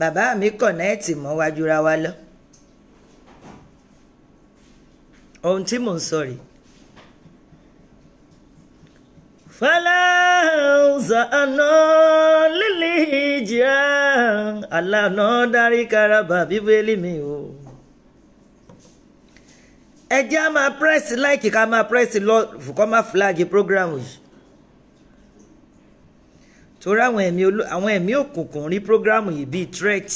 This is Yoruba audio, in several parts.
bàbá mi kọ̀nẹ́ẹ̀tì mọ́ wa jura wa lọ ohun tí mò ń sọ rèé. fọláhùnsà àná lílì ìjìyà àlànà darí karaba bíbélì mi o. ẹ jẹ́ a máa pírẹ́sì láìkì ká máa pírẹ́sì lọ́ọ̀fù kọ́ máa fìlàjì prógráàmù yìí torí àwọn ẹ̀mí òkùnkùn rí prógrámù yìí bíi threat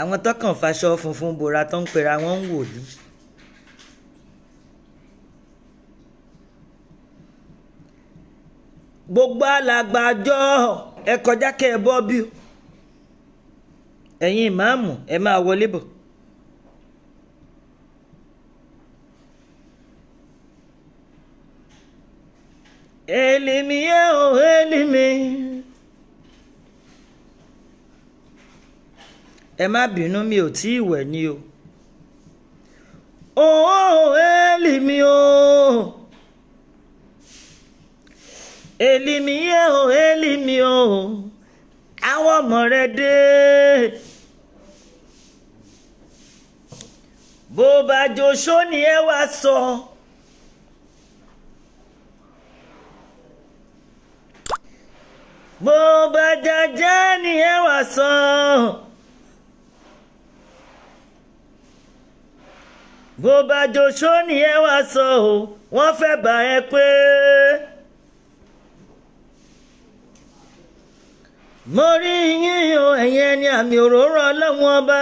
àwọn tọkàn faṣọ funfun bora tó ń pera wọn ń wòlíì gbogbo alàgbàjọ ẹ kọjá kẹ́ ẹ bọ́ bí ẹ̀yin ìmáàmù ẹ máa wọlé bọ̀. Eli mi o eli mi. Ẹ má bínú mi ò tí ì ni o. Oo eli mi o. Eli mi o eli mi o. Àwọn ọmọ rẹ dé. Bó bá jọ sóni ẹ wá sọ. So. bó bá jajá ni ẹ wà sàn. bó bá jòṣó ni ẹ wà sàn o wọ́n fẹ́ bà ẹ pé. mo rí yín o ẹni àmì òróró ọlọ́run ọba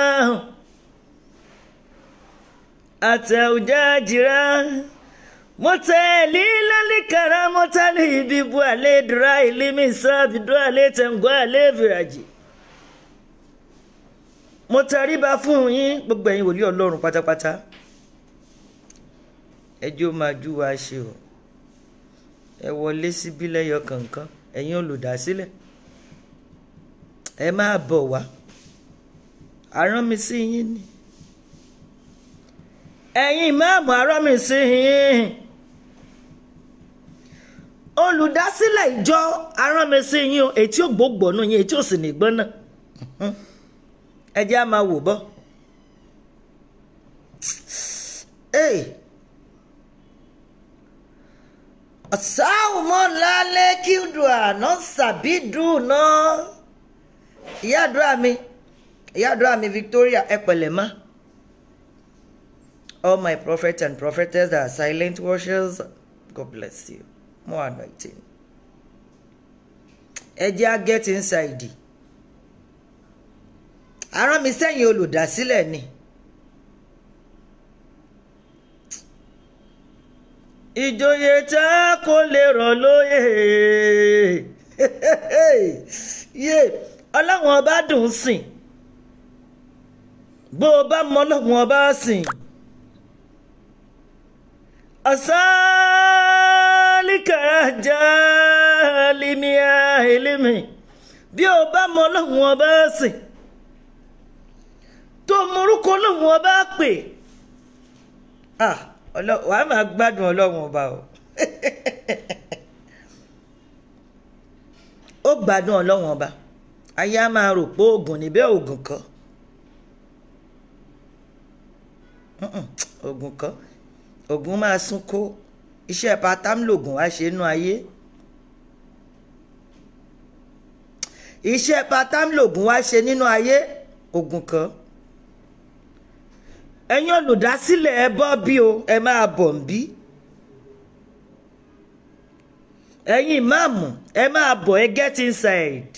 àtẹ̀wùjá jìrá. mutaliila likara mutali bibwale drai limisa bidwale tẹ̀ngwale viraji mo taríba fún yín gbogbo ẹ̀yin wòlíì ọlọ́run pátápátá ẹjọ́ máa jú wa ṣe o ẹ wọlé síbí lẹ́yọ kọ̀ọ̀kan ẹ̀yin olùdásílẹ̀ ẹ máa bọ̀ wá àrán mi sí yín ni ẹ̀yin ìmáàmù àrán mi sí yín. olùdásílẹ̀ ìjọ aránmẹsẹ̀ yín o èyí tí ó gbógbónú yín èyí tí ó sì ní gbọ́n náà ẹ jẹ́ á máa wò bọ́. ọ̀sáwùmọ́ lálẹ́ kí dùà náà sàbí dùn náà mi ìyá mi Victoria ẹ pẹ̀lẹ́ All my prophets and prophetess are silent watchers, God bless you. more anointing. ẹ get inside. ara mi sẹ́yìn olùdásílẹ̀ ni. ìjòyè tá a kò lè rọ̀ lóyè yé ọlọ́run ọba dùn sìn bó o bá mọ ọlọ́run ọba sìn ọ̀sán. málíkà jálímì àìlímì bí o bá mọ ọlọ́run ọba sìn tó morúkọ ọlọ́run ọba pè wàá máa gbádùn ọlọ́run ọba o ó gbádùn ọlọ́run ọba ayé á máa rò pé oògùn níbẹ̀ oògùn kan oògùn kan oògùn máa sún kó iṣẹ́ pátám lògùn wá ṣe nú ayé iṣẹ́ pátám lògùn wá ṣe nínú ayé ogun kan ẹ̀yin olùdásílẹ̀ ẹ bọ́ bí o ẹ máa bọ̀ ń bí ẹ̀yin ìmáàmù ẹ máa bọ̀ ẹ get inside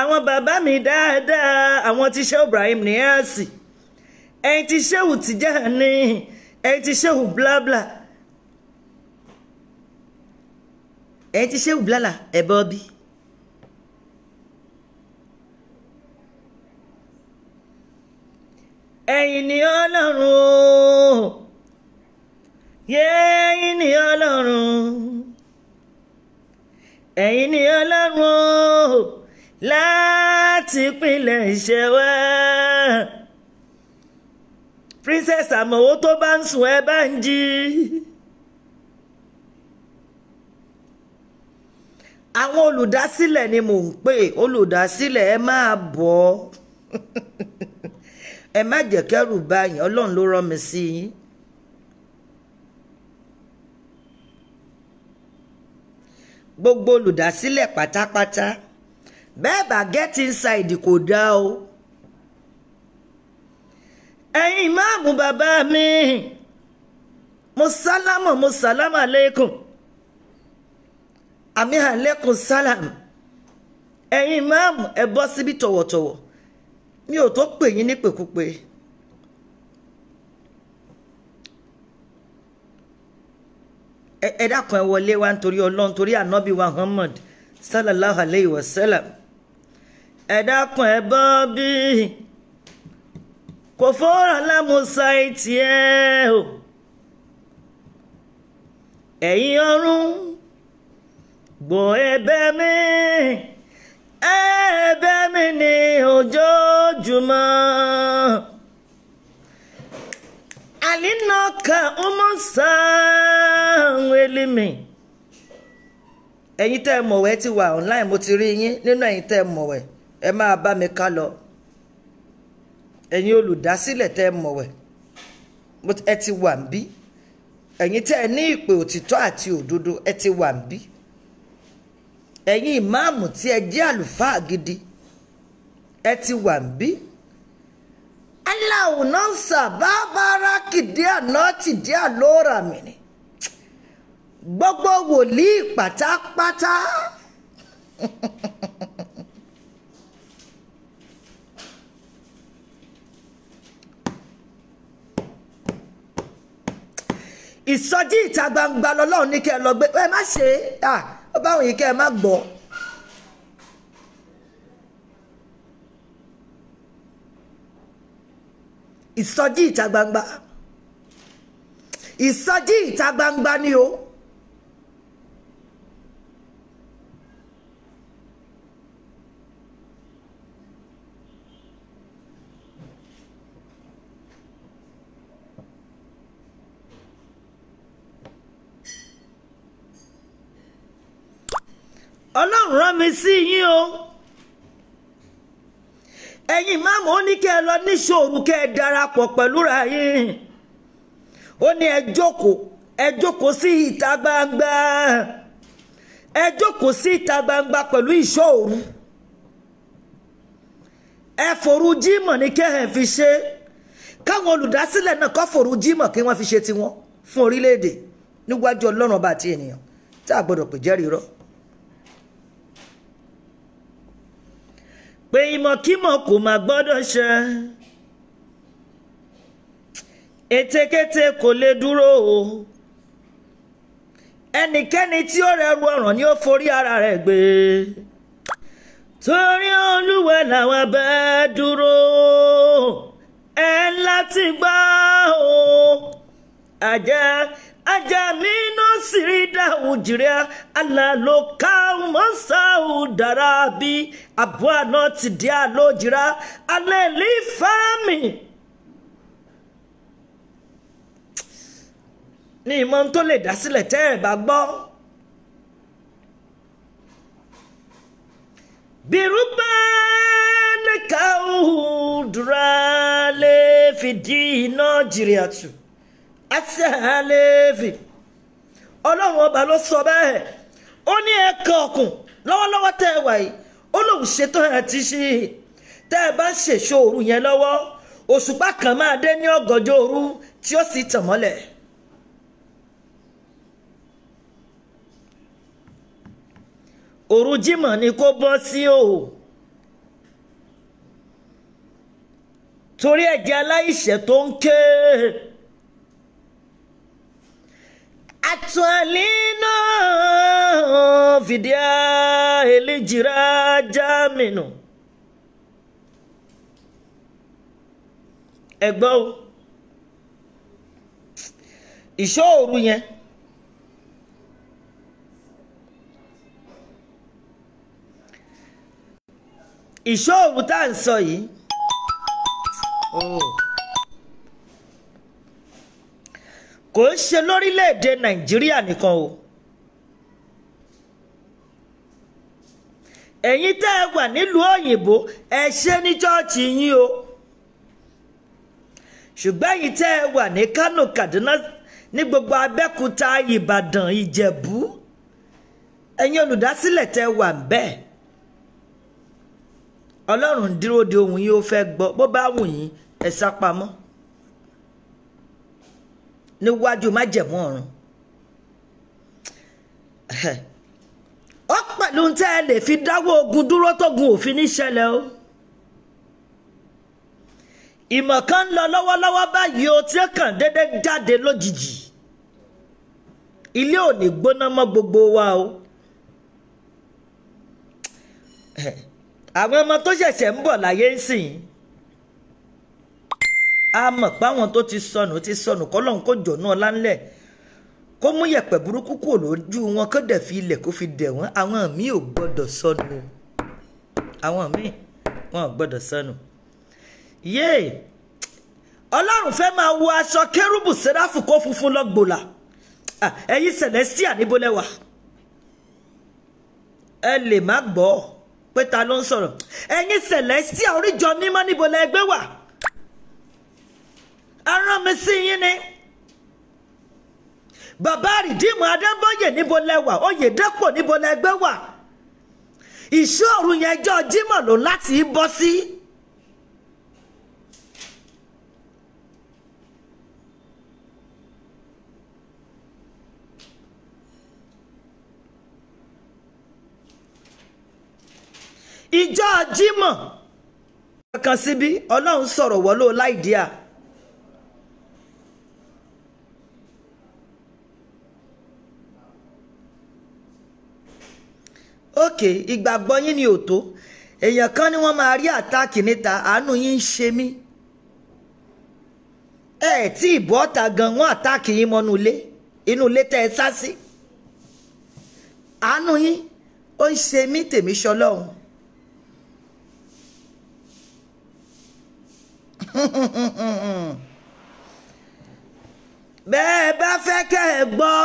àwọn bàbá mi dáadáa àwọn tí Shehu Ibrahim Niasse ẹ̀yin tí Shehu Tijani ẹ̀yin tí Shehu blabla. Bla ẹ ti ṣe wùbílàlà ẹ bọ́ bí. ni ọlọ́run o ni ọlọ́run ẹ̀yin ni ọlọ́run o láti pinlẹ̀ iṣẹ́ wá. princess àmọ̀wó tó bá ń sùn ẹ bá ń jí. àwọn olùdásílẹ̀ ni mò ń pè olùdásílẹ̀ ẹ máa bọ̀ ẹ má jẹ́ kẹ́rù báyìí ọlọ́run ló rán mi sí gbogbo olùdásílẹ̀ pátápátá bẹ́ẹ̀ bá get inside kò dá o. ẹ̀yin máàmù bàbá mi mo sálámọ̀ mo àmì àlékún sálàm ẹ̀yin máàmù ẹ bọ́ síbí tọ̀wọ̀tọ̀wọ̀ mi ò tó pè yín nípèkúpè. ẹ dákun ẹ wọlé wa nítorí ọlọ́run torí ànábì wa Muhammad sallallahu alayhi wa sallam ẹ dákun ẹ bọ́ bí kò fọ́ra lámúsá ìtì ẹ o ẹ̀yin ọ̀run. gboo ebe mi ebe mi ni ojoojúmọ́ alinoka umosa elimi Ẹyin tẹ ẹ mọ̀wẹ́ ti wà online mo ti ri yin, ninu ẹyin tẹ ẹ mọ̀wẹ́ ẹ máa bá mi ká lọ Ẹyin olùdásílẹ̀ tẹ ẹ mọ̀wẹ́ ẹ ti wà ń bí Ẹyin tẹ ẹ ní ìpè òtítọ́ àti òdodo ẹ ti wà ń bí. ẹ̀yin ìmáàmù tí ẹ jẹ́ àlùfáà gidi ẹ ti wà ń bí aláwọ̀ náà sábà bára kìdí àná tìdí àlóra mi ni gbogbo wòlíì pátápátá ìsọjí ìta gbangba lọ́lọ́run ní kẹ́ ẹ lọ gbé ẹ má ṣe é. Ah ọba àwọn yìí kẹ́ ẹ má gbọ́. ìsọjí ìta gbangba ìsọjí ìta gbangba ni o. ọlọ́run rán mi sí yín o ẹ̀yin máàmù ó ní kẹ́ ẹ lọ níṣòro kẹ́ ẹ darapọ̀ pẹ̀lú ra yín ó ní ẹ jókòó ẹ jókòó sí ìta gbangba ẹ jókòó sí ìta gbangba pẹ̀lú ìṣọ́ òru ẹ fòru jímọ̀ ní kẹ́ ẹ fi ṣe káwọn olùdásílẹ̀ náà kọ́ fòru jímọ̀ kí wọ́n fi ṣe tiwọn fún orílẹ̀-èdè níwájú ọlọ́run ọba àti ènìyàn tá a gbọ́dọ̀ pè jẹ́rìí rọ́. pé ìmọ̀kímọ̀ kò má gbọ́dọ̀ ṣe etekete kò lè dúró o ẹnikẹ́ni tí ó rẹrù ọ̀ràn ni ó forí ara rẹ̀ gbé torí olúwa làwa bá dúró ńlá láti gbá o àjẹ́. ajamino sirida ujiria ala lokau monsau darabi abua no tidia lojira ale lifami. ní ìmọ̀ tó lè dá sílẹ̀ tẹ́ ẹ̀ bá gbọ́. bìrúbà lẹ́ka òhùn dúrà lè fìdí iná jìrì àtù aṣáálẹ́ẹ̀fì ọlọ́run ọba ló sọ bẹ́ẹ̀ ó ní ẹ̀ka ọ̀kùn lọ́wọ́lọ́wọ́ tẹ́ ẹ wà yìí ó lòun ṣetán àti ṣí i tẹ́ ẹ bá ṣèṣọ òru yẹn lọ́wọ́ òṣùpá kan máa dé ní ọ̀gànjọ́ òru tí ó sì tàn mọ́lẹ̀. òru jímọ̀ ni kó bọ́ sí o torí ẹ̀jẹ̀ aláìṣẹ̀ tó ń ké. Atwalina fidia elijira jaminu. Ẹ̀gbọ́n o, ìṣọ́ òru yẹn. Ìṣọ́ òru tá à ń sọ yìí. Oh. kò ń ṣe lórílẹ̀‐èdè nàìjíríà nìkan o ẹ̀yin tẹ́ ẹ wà nílùú òyìnbó ẹ ṣe ní chọ́ọ̀chì yín o ṣùgbọ́n ẹ̀yin tẹ́ ẹ wà ní kánò kaduna ní gbogbo abẹ́kúta ìbàdàn ìjẹ̀bú ẹ̀yin olùdásílẹ̀ tẹ́ wà bẹ́ẹ̀ ọlọ́run dúró de ohun yìí ó fẹ́ gbọ́ bó bá wù yín ẹ sá pamọ́ níwájú májẹ̀mú ọ̀run ó pẹ̀lú tẹ́ ẹ lè fi dáwọ́ ogun dúró tógun òfin níṣẹ̀lẹ̀ o ìmọ̀ kan ń lọ lọ́wọ́lọ́wọ́ báyìí o tí ó kàn déédé jáde lójijì ilé ò ní gbóná mọ́ gbogbo wa o àwọn ọmọ tó ṣẹ̀ṣẹ̀ ń bọ̀ láyé ń sìn yín a mọ̀ páwọn tó ti sọnù ti sọnù kọ́lọ́hún kò jọ̀nù ọlá ńlẹ̀ kó mú yẹ̀pẹ̀ burúkú kúrò lójú wọn kó dẹ̀ fi ilẹ̀ kó fi dẹ̀ wọ́n àwọn míì ò gbọ́dọ̀ sọnù àwọn míì wọn ò gbọ́dọ̀ sọnù. yéè ọlọ́run fẹ́ máa wọ aṣọ kérúbù sẹ́ráfù kó funfun lọ́gbòlà ẹ̀yin celestia níbo ẹ lè má gbọ́ pé ta ló ń sọ̀rọ̀ ẹ̀yin celestia oríjọ mímọ́ níbo aràn mi sí yín ni bàbá rìdíìmù adébóyè níbo lẹwà oyèdèpọ̀ níbo lẹgbẹ́ wà ìṣòro yẹn jọ jímọ̀ ló láti bọ́ sí. ìjọ jímọ̀ kankan síbi ọlọ́run sọ̀rọ̀ wọ́lọ́ láìdíà. ok ìgbàgbọ́ yín ni òtó èèyàn kan ni wọ́n máa rí àtàkì níta àánú yín ń ṣe mí ẹ tí ìbò ọ̀tá gan wọ́n àtàkì yín mọ́nú ilé inú ilé tẹ́ ẹ sá sí àánú yín ó ń ṣe mí tèmi ṣọlọ́run bẹ́ẹ̀ bá fẹ́ kẹ́ ẹ gbọ́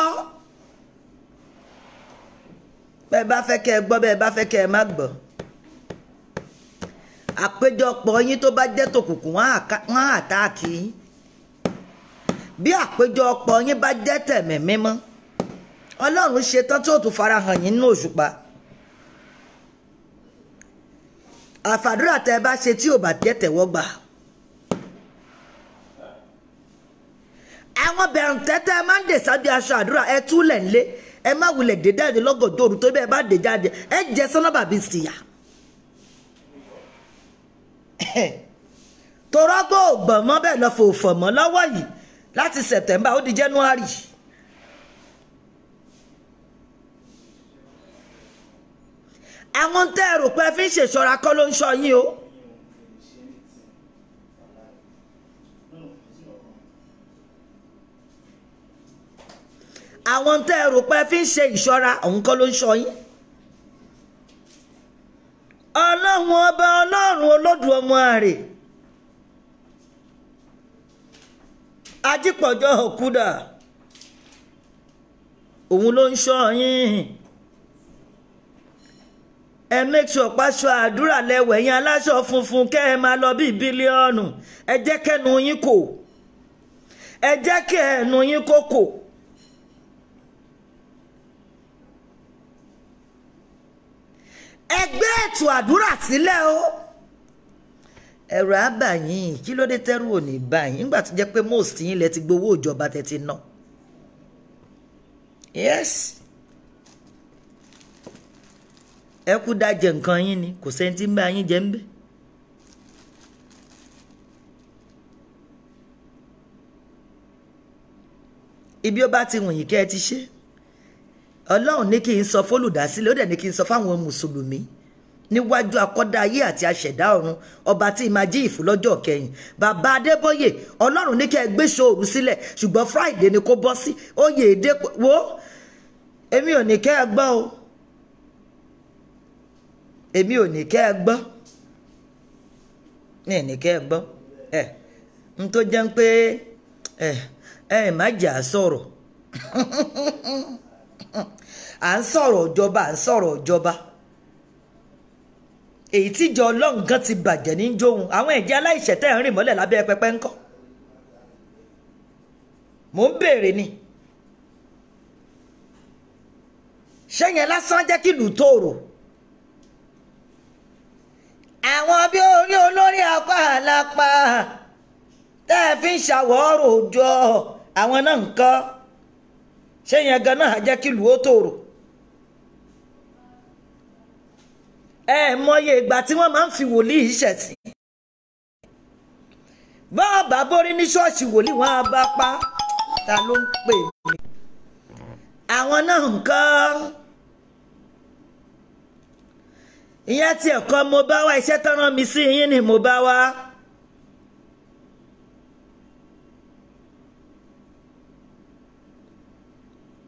bẹ́ẹ̀ bá fẹ́ kẹ́ ẹ gbọ́ bẹ́ẹ̀ bá fẹ́ kẹ́ ẹ má gbọ́ àpéjọpọ̀ yín tó bá jẹ́ tòkùnkùn wọ́n á àtáàkì yín bí àpéjọpọ̀ yín bá jẹ́ tẹ̀mẹ̀ mímọ́ ọlọ́run ṣe tán tí ó tún farahàn yín nínú òṣùpá àfàdúrà tẹ́ ẹ bá ṣe tí ò bá jẹ́ tẹ̀wọ́ gbà. àwọn bẹ̀rù tẹ́tẹ́ máa ń dè sábẹ́ aṣọ àdúrà ẹ túlẹ̀ ńlẹ́ ẹ má wulẹ̀ dé jáde lọ́gọ̀dọ̀ òru tó bẹ́ẹ̀ bá dé jáde ẹ jẹ́ sọ́nàbà bíi sìyà. torọ́gbọ́ ò gbọ̀n mọ́ bẹ́ẹ̀ lọ fòfò mọ́ lọ́wọ́ yìí láti September ó di January. àwọn tẹ́ ẹ rò pé ẹ fi ń ṣèṣọ́ra kọ́ ló ń ṣọ́ yín o. àwọn tẹ́ ẹ rò pé fi ń ṣe ìṣọ́ra òun kọ́ ló ń ṣọ́ yín ọlọ́run ọba ọlọ́run Olódùmarè ajípọ̀jọ́ òkúdà òun ló ń ṣọ́ yín ẹ make ọ̀páṣọ àdúrà lẹ́wẹ̀ yín aláṣọ funfun kẹ́ ẹ máa lọ bíi bílíọ̀nù ẹ jẹ́ kẹ́nu yín kò ẹ jẹ́ kẹ́nu yín kò kò. ẹgbẹ́ ètò àdúrà sílẹ̀ o ẹ̀rọ àbàyìn kí ló dé tẹ́rù ò ní báyìí nígbà tó jẹ́ pé most yín lẹ ti gbowó ìjọba tẹ ná yes ẹ kú dájẹ nǹkan yín ni kò sẹ́ni tí ń bá yín jẹ ń bẹ́ẹ̀. ibi ó bá ti wùn yín kẹ́ ẹ ti ṣe ọlọ́run ní kí n sọ fólùdásílẹ̀ ó dẹ̀ ní kí n sọ fáwọn mùsùlùmí níwájú akọ́dá ayé àti aṣẹ̀dá ọ̀run ọba tí máa jí ìfún lọ́jọ́ kẹyìn bàbá adébóyè ọlọ́run ní kí ẹ gbé ṣòru sílẹ̀ ṣùgbọ́n friday ni kò bọ́ sí oyè èdè wo èmi ò ní kẹ́ ẹ gbọ́ o èmi ò ní kẹ́ ẹ gbọ́ ní ní kẹ́ ẹ gbọ́ ẹ n tó jẹ́ pé ẹ ẹ má jà sọ̀rọ̀. Mm. à ń sọ̀rọ̀ ìjọba à ń sọ̀rọ̀ ìjọba èyí tíjọ ọlọ́run gan ti bàjẹ́ ní jóhun àwọn ẹ̀jẹ̀ aláìṣẹ̀ tẹ́ ń rìn mọ́lẹ̀ lábẹ́ pẹpẹ ńkọ́ mò ń béèrè ni ṣẹ́yìn lásán jẹ́ kí ìlú tòrò àwọn bí orí olórí apá àlápá tẹ́ ẹ fi ń ṣàwọ̀ ọ̀rọ̀ àwọn náà ń kọ́. ṣẹ́yìn aga náà jẹ́ kí lù ó mọye ìgbà tí wọ́n máa ń fi wòlíì ìṣẹ̀sìn bọ́ọ̀bà borí ní ṣọ́ọ̀ṣì wòlíì wọ́n á bá pa ta ló ń pè mí àwọn náà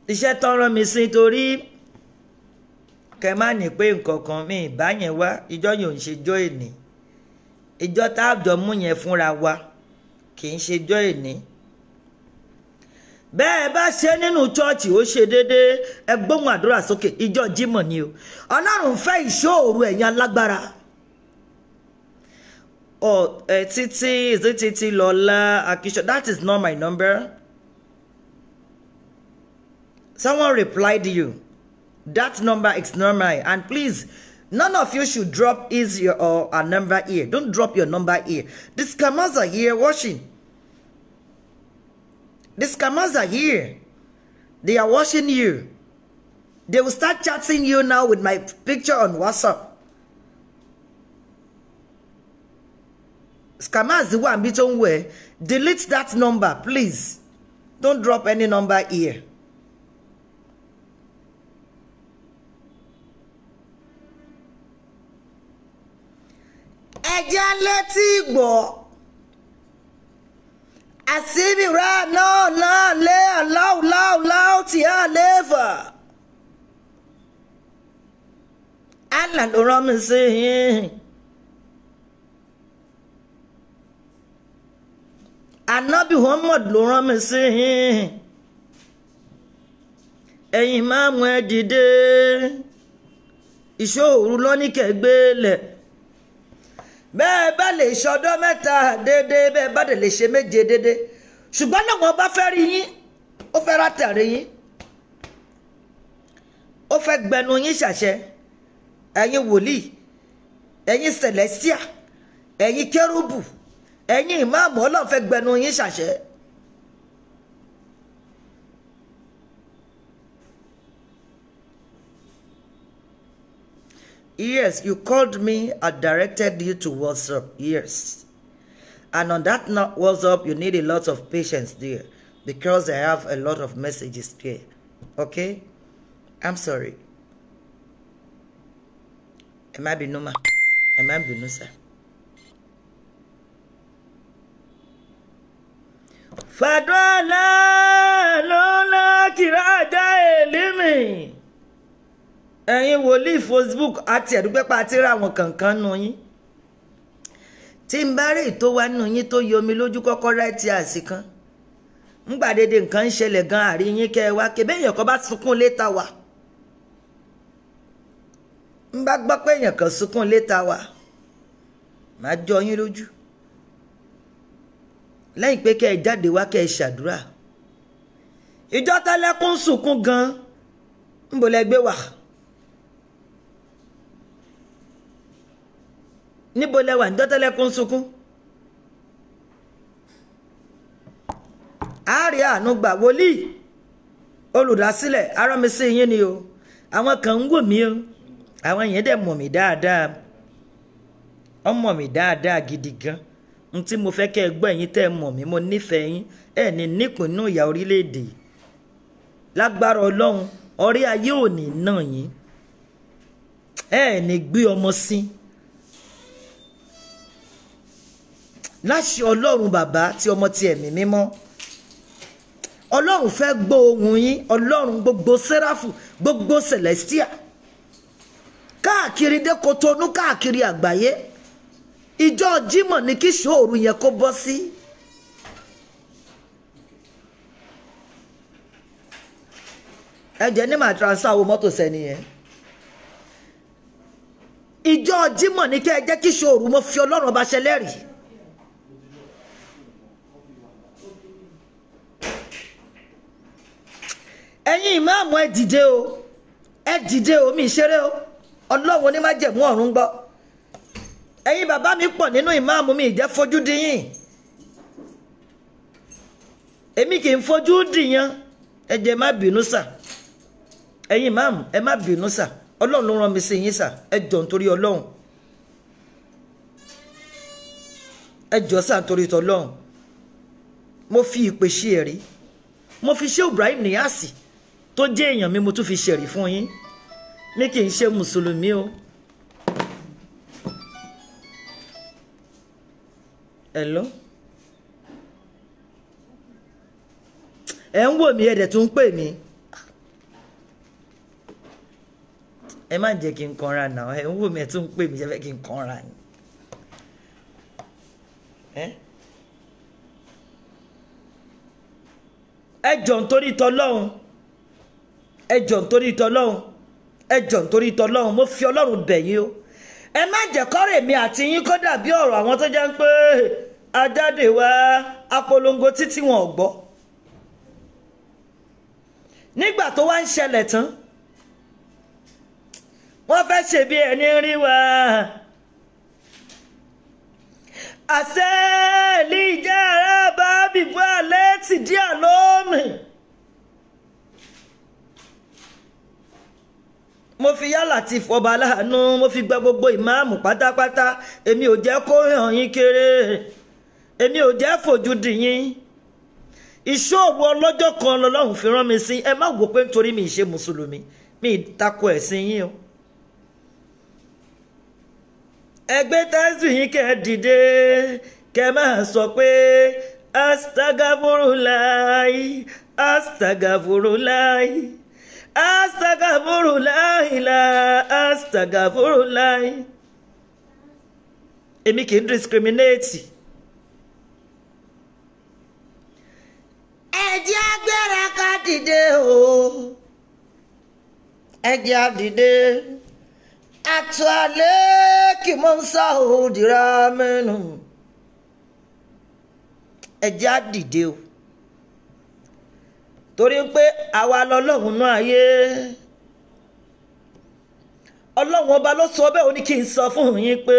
iṣẹ́ tán rán mi sí torí kẹ má ní pé nǹkan kan mi ìbá yẹn wá ìjọ yìí ò ń ṣejọ́ èní ìjọ tá mú yẹn fúnra wa kì í ṣejọ́ èní bẹ́ẹ̀ bá ṣe nínú chọ́ọ̀chì ó ṣe déédéé ẹ gbóhùn àdúrà sókè ìjọ jímọ̀ ni o ọlọ́run fẹ́ ìṣòro ẹ̀yin alágbára títí is it títí akíṣọ́ that is not my number. Someone replied to you. That number is normal. And please, none of you should drop is your or a number here. Don't drop your number here. The scammers are here watching. The scammers are here. They are watching you. They will start chatting you now with my picture on WhatsApp. Scammers, the one bit on way delete that number, please. Don't drop any number here. ẹjẹ́ létí ìgbọ́ àsìmìrà náà náà lé ọlọ́ọ̀ tí a lè fà. Allah ló rán mi sí yín. Ànábì Muhammad ló rán mi sí yín. Ẹ̀yin máa mú ẹ dìde. Ìṣòro lọ́níkẹ̀ gbé lẹ̀. bẹ́ẹ̀ bá lè ṣọdọ́ mẹ́ta déédéé bẹ́ẹ̀ bá lè ṣe méje déédéé ṣùgbọ́n náà wọ́n bá fẹ́ rí yín ó fẹ́ rátàrí yín ó fẹ́ gbẹnu yín ṣàṣẹ ẹ̀yin wòlíì ẹ̀yin celestia ẹ̀yin kérúbù ẹ̀yin ìmáàmù ọlọ́run fẹ́ gbẹnu yín ṣàṣẹ. Yes, you called me. I directed you to WhatsApp. Yes. And on that WhatsApp, you need a lot of patience there because I have a lot of messages there. Okay? I'm sorry. Am I Binuma? Am I Binusa? Fadwa la lola kiraja elimi. ẹ̀yin wòlíì facebook àti ẹ̀dúgbẹ́pá àti ra àwọn kankan nù yín tí n bá rí ìtò wa nù yín tó yomi lójú kọ́kọ́ ráìtì àsìkan ńgbà dédé nǹkan ń ṣẹlẹ̀ gan àrí yín kẹ́ ẹ wá kébé èèyàn kan bá sunkún létà wá ń bá gbọ́ pé èèyàn kan sunkún létà wá màá jọ yín lójú lẹ́yìn pé kẹ́ ẹ jáde wá kẹ́ ẹ ṣàdúrà ìjọ tẹ́lẹ̀kùn sunkún gan ń bolẹ̀ gbé wà. níbo lẹ wà sunkún àárẹ̀ àánú gbà wòlíì olùdásílẹ̀ arámisí yín ni o àwọn kan ń wò mí o àwọn yẹn dẹ̀ mọ̀ mí dáadáa ọmọ mi dáadáa gidi gan n tí mo fẹ́ kẹ́ ẹ gbọ́ ẹ̀yin tẹ́ ẹ mọ̀ mí mo nífẹ̀ẹ́ yín ẹ̀ ní nípínú ìyá orílẹ̀-èdè lágbára ọlọ́run ọ̀rẹ́ ayé ò ní yín ẹ̀ ní gbé ọmọ sí i. láṣẹ ọlọ́run bàbá tí ọmọ ti ẹ̀mí mímọ́ ọlọ́run fẹ́ gbọ́ ohùn yín ọlọ́run gbogbo sẹ́ráfù gbogbo celestia káàkiri dé Kotonu káàkiri àgbáyé ìjọ Jímọ̀ ní kí ṣòòrù yẹn kó bọ́ sí. ẹ jẹ́ ní màá transfer owó mọ́tò sẹ́ni yẹn ìjọ Jímọ̀ ní kí ẹ jẹ́ kí ṣòòrù mo fi ọlọ́run ọba ṣẹlẹ́rìí. ẹ̀yin ìmáàmù ẹ dìde o ẹ dìde o mi ṣeré o ọlọ́run onímájẹ̀mú ọ̀run gbọ́ ẹ̀yin bàbá mi pọ̀ nínú ìmáàmù mi ìjẹ́ fojú diyín èmi kì í fojú dìyàn ẹ jẹ́ má bínú sà ẹ̀yin ìmáàmù ẹ má bínú sà ọlọ́run ló rán mi sí yín sà ẹ jọ̀ nítorí ọlọ́run ẹ jọ̀ sà nítorí tọlọ́run mo fi ìpè ṣe ẹ̀rí mo fi ṣe Ibrahim Níyàsì tó jẹ́ èèyàn mi mo tún fi ṣẹ̀rí fún yín mi kì í ṣe mùsùlùmí o. Hello? ẹ ń wò mí ẹ dẹ̀ tún ń pè mí ẹ má jẹ́ kí n kanra náà ẹ ń wò mí ẹ tún ń pè mí ṣe fẹ́ kí n kanra ni. ẹ jọ̀ ń torí tọ́lọ́hún ẹ jọ̀ nítorí tọlọ́run ẹ nítorí tọlọ́run mo fi ọlọ́run bẹ̀ yín o ẹ má jẹ́ kọ́rọ̀ èmi àti yín kó dàbí ọ̀rọ̀ àwọn tó jẹ́ ń pé ajáde wá apolongo títí wọn ò gbọ́ nígbà tó wá ń ṣẹlẹ̀ tán wọ́n fẹ́ ṣe bí ẹni rí wá àṣẹ ìlú ìjà ara bá bìbú alẹ́ tìdí àlómi. mo fi yá Latif ọba aláàánú mo fi gba gbogbo ìmáàmù pátápátá èmi ò jẹ́ kó hàn yín kéré èmi ò jẹ́ fojú dì yín ìṣòwò ọlọ́jọ́ kan lọ́lọ́run fi rán mi sí ẹ má wò pé nítorí mi ṣe mùsùlùmí mi tako ẹ̀sìn yín o. ẹgbẹ́ tẹ́sí yín kẹ́ ẹ dìde kẹ́ ẹ máa sọ pé astagafurulai astagafurulai. astagafurulayi la astagafurulayi èmi kì í discriminate. ẹ jẹ́ agbára ká dìde o ẹ jẹ́ àdìde àtúwálé kí mo ń sọ òdìrà mẹ́nu ẹ jẹ́ o. torí pé àwa lọlọ́run náà ayé ọlọ́run ọba ló sọ bẹ́ẹ̀ ó ní kí n sọ fún yín pé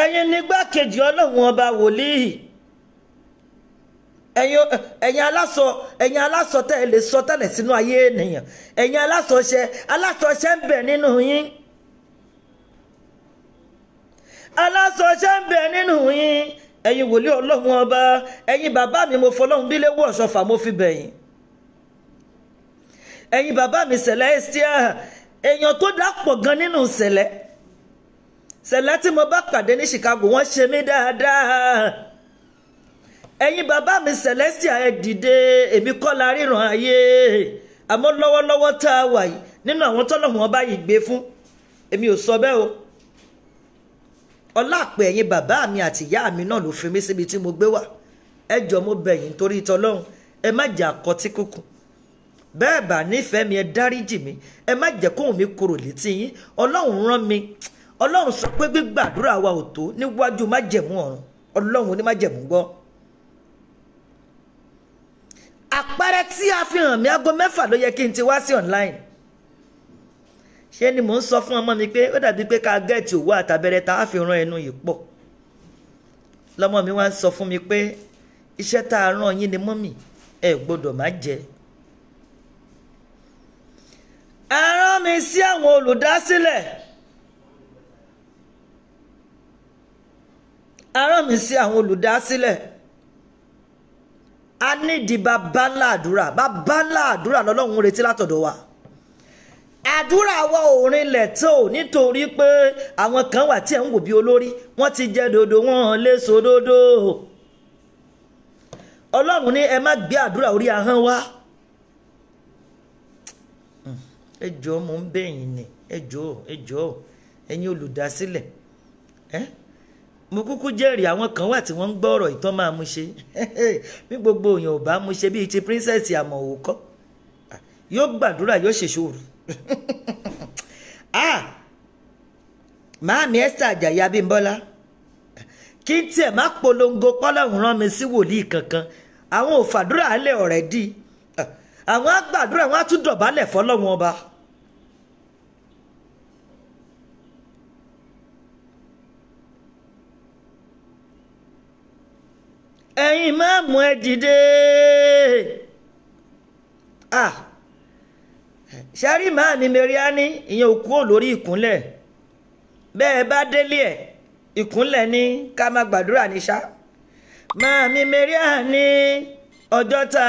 ẹ̀yin nígbàkejì ọlọ́run ọba wòlíì ẹ̀yin aláṣọ ẹ̀yin aláṣọ tẹ́ ẹ lè sọ tẹ́lẹ̀ sínú ayé ènìyàn ẹ̀yin aláṣọṣẹ aláṣọṣẹ ń bẹ nínú yín aláṣọṣẹ ń bẹ nínú yín ẹ̀yin wòlíì ọlọ́run ọba ẹ̀yin bàbá mi mo fọlọ́run bílẹ̀ wọ̀ ṣọfà mo fi bẹ̀yìn ẹ̀yin bàbá mi Sẹ̀lẹ̀ Esther èèyàn tó dàpọ̀ gan nínú Sẹ̀lẹ̀ Sẹ̀lẹ̀ tí mo bá pàdé ní Chicago wọ́n ṣe mí dáadáa ẹ̀yin bàbá mi Sẹ̀lẹ̀ Esther ẹ dìde èmi kọ́ la ríran ayé àmọ́ lọ́wọ́lọ́wọ́ tá a wà yìí nínú àwọn tọ́lọ̀ wọn báyìí gbé fún èmi ò sọ bẹ́ẹ̀ o ọláàpẹ̀ ẹ̀yin bàbá mi àti ìyá mi náà ló fi mí síbi tí mo gbé wà ẹ jọ mo bẹ̀ torí ìtọ́lọ́run ẹ má jà kọtí kùkù bẹ́ẹ̀ bá nífẹ̀ẹ́ mi ẹ dáríjì mi ẹ má jẹ́ kóhùn mi korò létí yín ọlọ́run rán mi ọlọ́run sọ pé gbígbàdúrà wa ò tó níwájú májẹ̀mú ọ̀run ọlọ́run ní májẹ̀mú gbọ́. àpẹẹrẹ tí a fi hàn mí aago mẹ́fà ló yẹ kí n ti wá sí online ṣé ni mò ń sọ fún ọmọ mi pé ó dàbí pé ká gẹ́ẹ̀tì òwú àtàbẹ̀rẹ̀ tá a fi ran ẹnu yìí pọ̀ lọ́mọ mi wá ń sọ fún mi pé iṣẹ́ tá a rán yín ni mọ́mì ẹ gbọ́dọ̀ má jẹ́ ẹ rán mi sí àwọn olùdásílẹ̀ ẹ rán mi sí àwọn olùdásílẹ̀ a nídìí bàbá ńlá àdúrà bàbá ńlá àdúrà lọ́lọ́run ń retí látọ̀dọ̀ wa àdúrà wa ò rinlẹ̀ tó nítorí pé àwọn kan wà tí ẹ̀ ń wò bí olórí wọ́n ti jẹ dòdò wọn lè sòdodo ọlọ́run ní ẹ má gbé àdúrà orí ahọ́n wa ẹ jọ̀ọ́ mò ń bẹ̀ yín ni ẹ jọ̀ọ́ ẹ jọ̀ọ́ ẹ̀yin olùdásílẹ̀ ẹ́ mo kúkú jẹ́rìí àwọn kan wà tí wọ́n ń gbọ́ ọ̀rọ̀ ìtàn máa mú ṣe bí gbogbo èèyàn ò mú ṣe bíi ti princess àmọ̀ òkọ́ yóò gbàdúrà yóò ṣèṣòro ah màámi Esther Àjàyí Abímbọ́lá kí n tiẹ̀ má polongo pọ́lọ́hún rán mi sí wòlíì kankan àwọn ò fàdúrà alẹ́ ọ̀rẹ́ dì àwọn á gbàdúrà wọn á tún dọ̀bálẹ̀ fọlọ́hún ọba. ẹ̀yin máàmù ẹ dìde ah. ṣẹ́rí màámi mẹ́ríání ìyẹn ò kúrò lórí ìkúnlẹ̀ bẹ́ẹ̀ bá délé ẹ̀ ìkúnlẹ̀ ní ká má gbàdúrà ní ṣá màámi mẹ́ríání ọjọ́ta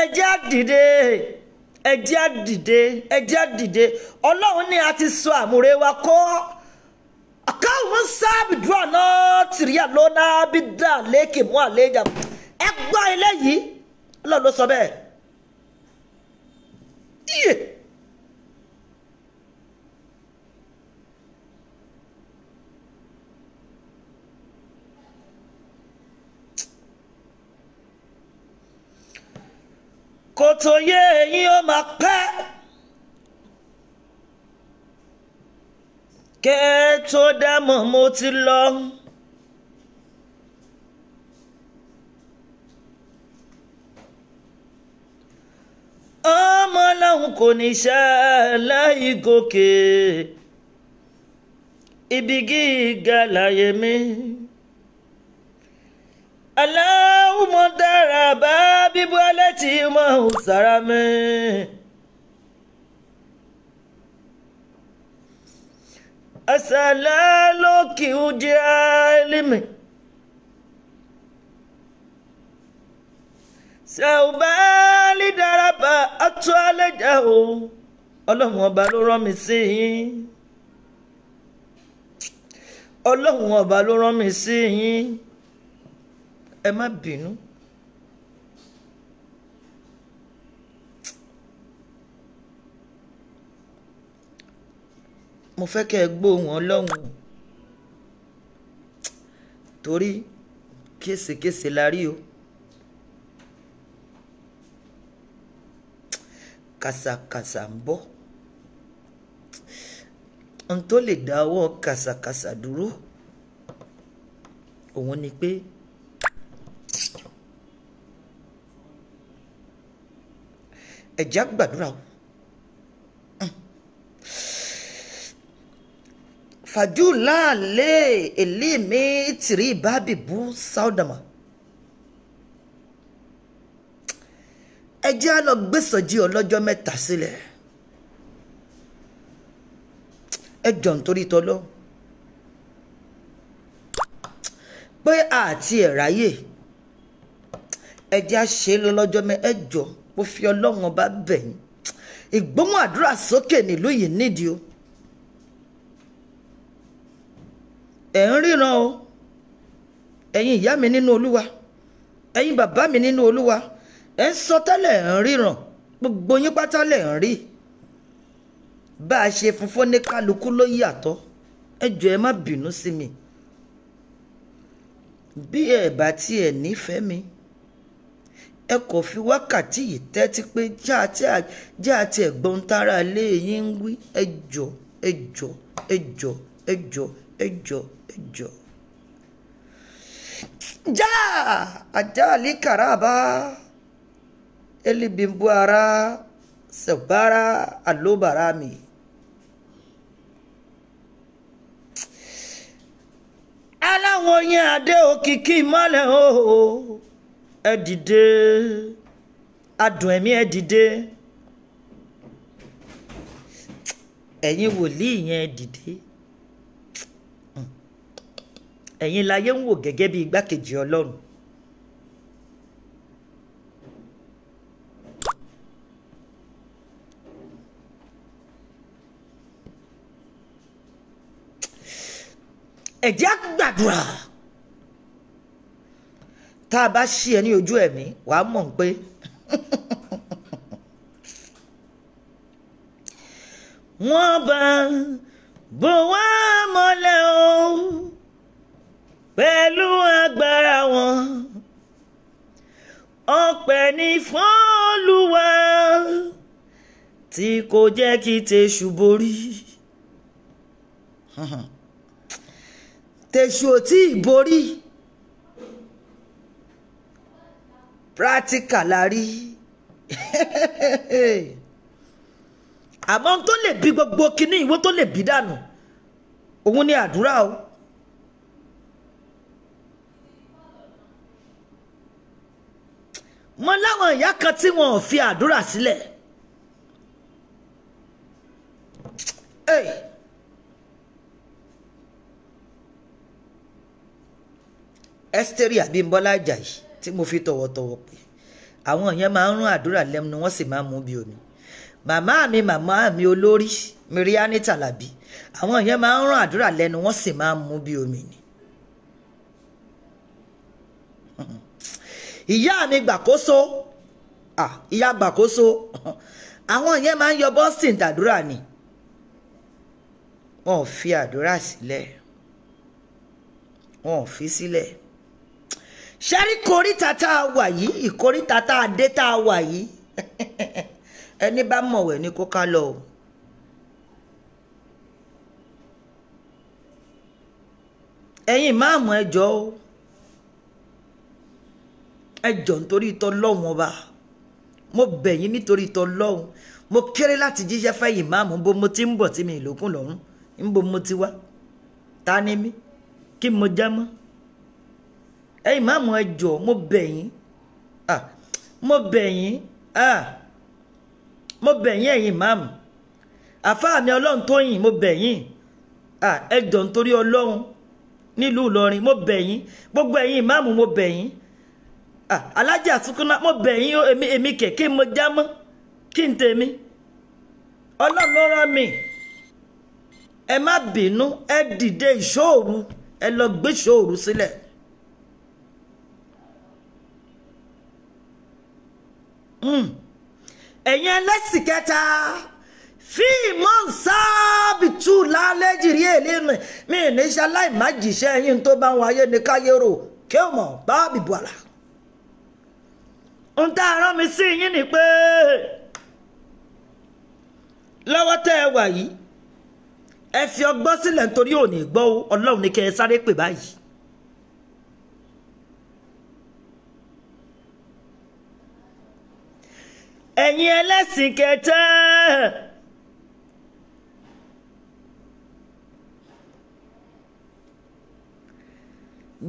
ẹjẹ́ àdìde ẹjẹ́ àdìde ẹjẹ́ àdìde ọlọ́run ni a ti sọ àmúre wa kọ́ káwọn sábìdúrà náà tìríyà lọ́nà bídà lékè mú àléjà ẹ gbọ́ eléyìí ọlọ́run ló sọ bẹ́ẹ̀ iye. kò tó yé eyín ó máa pẹ́. kẹ́ tó dámọ̀ mo ti lọ. ọmọ làwọn kò ní ṣáláì gòkè ibi gíga láyé mi. aláwọ̀ mọ̀ dára bá bíbú alẹ́ tí mo ń sára mi. asalaaloki ujaalimi sàùbáàlì daraba atúalẹ́jà o ọlọ́run ọba ló rán mi sí yín ọlọ́run ọba ló rán mi sí yín ẹ má bínú. mo fẹ́ kẹ́ ẹ gbóhùn ọlọ́run torí késekése la rí o kàsàkàsà ń bọ̀ ohun tó lè dá ọwọ́ kàsàkàsà dúró òun ni pé ẹ̀já gbàdúrà o. fajula le me tiri babi bu saudama ẹ jẹ́ á lọ gbèsòjì ọlọ́jọ́ mẹ́ta sílẹ̀ ẹ jọ̀ nítorí tọ́lọ́ pé àti ẹ̀ráyè ẹ jẹ́ á ṣe lọ́lọ́jọ́ mẹ́ ẹ jọ̀ mo fi ọlọ́run ọba bẹ̀yìn ìgbóhùn àdúrà sókè nílùú yìí nídìí o. ẹ̀ ń ríran o ẹ̀yin ìyá mi nínú olúwa ẹ̀yin bàbá mi nínú olúwa ẹ̀ ń sọ tẹ́lẹ̀ ń ríran gbogbo yín pátá lẹ̀ ń rí bá a ṣe funfun ní kálukú ló yàtọ̀ ẹ jọ̀ọ́ ẹ má bínú sí mi bí ẹ bá tiẹ̀ nífẹ̀ẹ́ mi ẹ kò fi wákàtí yìí tẹ́tí pé já àti ẹ̀gbọ́n tára lé yín ń wí ẹ jọ̀ọ́ ẹ jọ̀ọ́ ẹ jọ̀ọ́ ẹ jọ̀ọ́ ẹjọ ẹjọ. já àjálì kàràbà elibimbuara sẹ̀gbára àlóbàrà mi. aláwọn yẹn adé òkìkí mọ́lẹ̀ o ẹ dìde adùn ẹ̀mí ẹ dìde ẹ̀yin wòlíì yẹn dìde. ẹ̀yin láyé ń wò gẹ́gẹ́ bí igbákejì ọlọ́run ẹ jẹ́ á gbàdúrà tá a bá ṣí ẹ ní ojú ẹ̀mí wàá mọ̀ pé wọ́n bá bò wá mọ́lẹ̀ o pẹ̀lú agbára wọn ọpẹ́ ní fún Olúwa tí kò jẹ́ kí tèṣù borí tèṣù ò tí ì borí practical la rí àmọ́ tó lè bí gbogbo kinní ìwọ tó lè bí dànù òun ni àdúrà o. mo láwọn ìyá kan tí wọn ò fi àdúrà sílẹ̀ Ẹ́sítérì Abímbọ́lá Àjàyí tí mo fi tọ̀wọ̀tọ̀wọ̀ pè àwọn yẹn máa ń rún àdúrà lẹ́nu wọ́n sì máa ń mú bí omi màmá mi màmá mi olórí Míríáni Tàlàbí àwọn yẹn máa ń rún àdúrà lẹ́nu wọ́n sì máa ń mú bí omi ni. Mm-mm ìyá mi gbàkóso ìyá gbàkóso àwọn yẹn máa ń yọ boston dàdúrà ni wọn ò fi àdúrà sílẹ̀ wọn ò fi sílẹ̀ ṣẹ́rí koríta tá a wà yìí ìkoríta tá a dé tá a wà yìí ẹni bá mọ̀wẹ̀ ni kó ká lọ o. ẹ̀yin máàmù ẹjọ́ o ẹ jọ̀ nítorí ìtọ́ lọ́hùn ọba mo bẹ̀ yín nítorí ìtọ́ lọ́hùn mo kéré láti jíṣẹ́ fẹ́yìn máàmù bó mo ti ń bọ̀ tí mi ìlókùn lọ́hùn ń bo mo ti wá ta ni mí kí mo já mọ́ ẹ̀yin máàmù ẹ mo bẹ̀ yín mo bẹ̀ yín mo bẹ̀ yín ẹ̀yin máàmù àfáà mi ọlọ́run tó yìn mo bẹ̀ yín ẹ jọ̀ nítorí ọlọ́run nílùú Ìlọrin mo bẹ̀ yín gbogbo ẹ̀yin ìmáàmù mo bẹ̀ Ah, alájà sunkúnná mo bẹ̀ yín o èmi mo já mọ́ kí n tèmi ọlọ́run ló rán mi ẹ má bínú ẹ dìde ìṣòro ẹ lọ gbé ìṣòro sílẹ̀. Hmm. ẹ̀yin ẹlẹ́sìn kẹta fíìmù sábìtú lálẹ́ jìrì èlé mi mi ní ṣaláì má jìṣẹ́ yín tó bá wọn ayé ní káyérò kí o mọ̀ bá bìbọ̀ àlà ohun tá a rán mi sí yín ni pé lọ́wọ́ tẹ́ ẹ wà yìí ẹ fi ọgbọ́n sílẹ̀ nítorí òní gbọ́ ọlọ́run ní kẹ́ ẹ sáré pè báyìí. ẹ̀yin ẹlẹ́sìn kẹta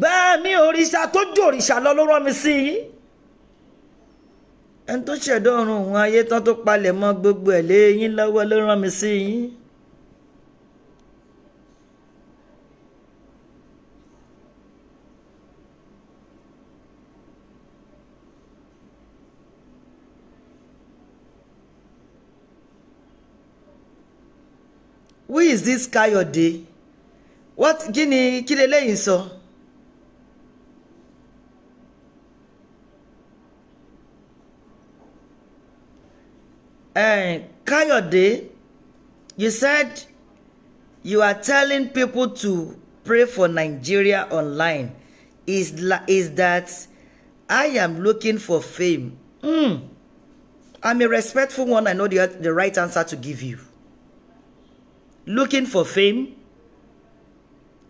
bá mi òrìṣà tó jòrìṣà lọ ló rán mi sí yín ẹni tó ṣẹ̀dá ọ̀run òun ayé tán tó palẹ̀ mọ́ gbogbo ẹ̀ lé yín lọ́wọ́ ló rán mi sí yín. Who is this Kayode? What kí ni kí leléyìí sọ? So? uh, Kayode, you said you are telling people to pray for Nigeria online. Is, is that I am looking for fame. Mm. I'm a respectful one. I know the, the right answer to give you. Looking for fame?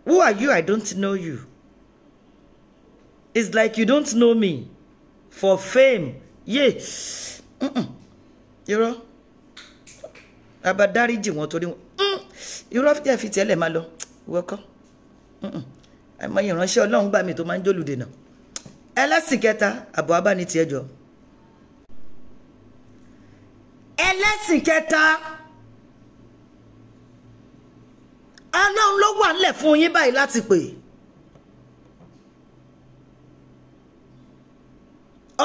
Who are you? I don't know you. It's like you don't know me. For fame. Yes. Mm -mm. irọ́ bàbá dáríjì wọn torí wọn irọ́ fi tẹ́ fi tẹ́lẹ̀ máa lọ wọ́kọ́ àmọ́ ìránṣẹ́ ọlọ́run gbà mí tó máa ń jólùdènà ẹlẹ́sìn kẹta àbọ̀ abánitì ẹjọ́ ẹlẹ́sìn kẹta ọlọ́run ló wà ńlẹ̀ fún yín báyìí láti pè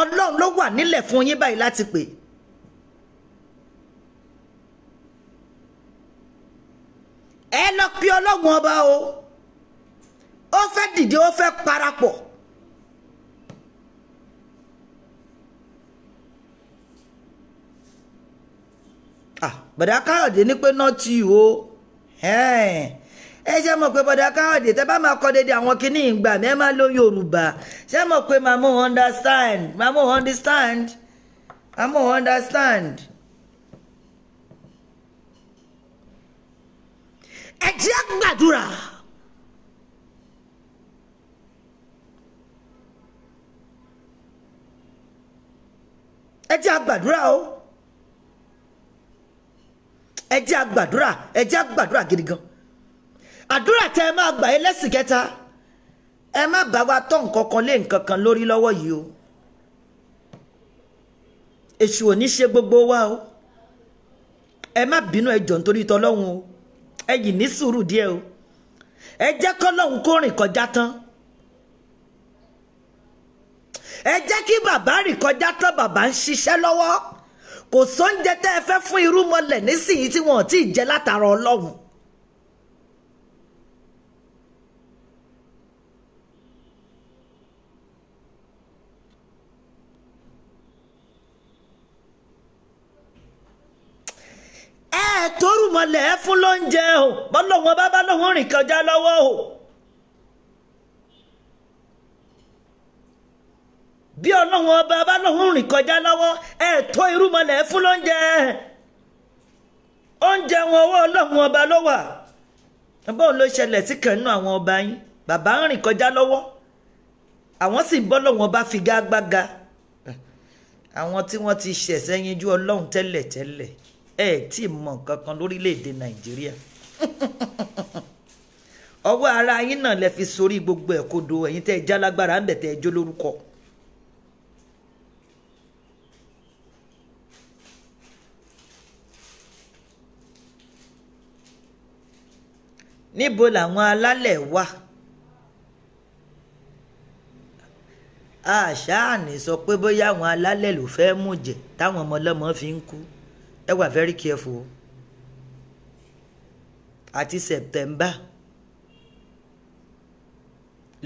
ọlọ́run ló wà nílẹ̀ fún yín báyìí láti pè é. ẹ lọ ọba o ó fẹ́ dìde ó fẹ́ parapọ̀ ah, bọ̀dá káyọ̀dé ní pé náà o ẹ ṣe mọ̀ pé bọ̀dá káyọ̀dé tẹ́ bá máa kọ́ dédé àwọn kìíní ìgbà mi yorùbá ṣe mọ̀ pé màmú understand ẹ jẹ́ gbàdúrà. ẹ jẹ́ o ẹ jẹ́ àgbàdúrà ẹ jẹ́ àgbàdúrà gidi gan àdúrà tẹ ẹ máa gbà yín lẹ́sìn kẹta ẹ má bá wa tọ́ nǹkan kan lé nǹkan kan lórí lọ́wọ́ yìí o èṣù ò ní ṣe gbogbo wa o ẹ má bínú ẹ jọ̀ nítorí tọlọ́hun o ẹ yìí ní sùúrù díẹ̀ o ẹ jẹ́ kọ́lọ́hún kó rìn kọjá tán ẹ jẹ́ kí bàbá rìn kọjá tán bàbá ń ṣiṣẹ́ lọ́wọ́ kò sóúnjẹ tẹ́ ẹ fẹ́ fún irúmọlẹ̀ nísìnyí tí wọ́n ò tí ì jẹ látara ọlọ́run wọn lẹ̀ ẹ́ fún lóúnjẹ o bọ́lọ́wọ́n bá bá lóun rìn kọjá lọ́wọ́ o. bí ọlọ́wọ́n bá bá lóun rìn kọjá lọ́wọ́ ẹ̀ tó irúmọlẹ̀ ẹ́ fún lóúnjẹ oúnjẹ wọn ọwọ́ ọlọ́run ọba ló wà bóun ló ṣẹlẹ̀ sí kan nínú àwọn ọba yín bàbá ń rìn kọjá lọ́wọ́ àwọn sì bọ́ lọ́wọ́n bá figagbága àwọn tí wọ́n ti ṣẹ̀ṣẹ̀ yinjú ọlọ́run tẹ́lẹ̀ tẹ́lẹ̀ ẹ tí ì mọ nǹkan kan lórílẹ̀‐èdè nàìjíríà ọwọ́ ara yín náà lẹ fi sorí gbogbo ẹ̀ kodo ẹ̀yin tẹ́ ẹ já lágbára ń bẹ̀ tẹ́ ẹ jó lórúkọ. níbo làwọn alálẹ̀ wà àṣà àní sọ pé bóyá àwọn alálẹ̀ ló fẹ́ mú jẹ táwọn ọmọ ọlọ́mọ fi ń kú. ẹ wà very careful àti September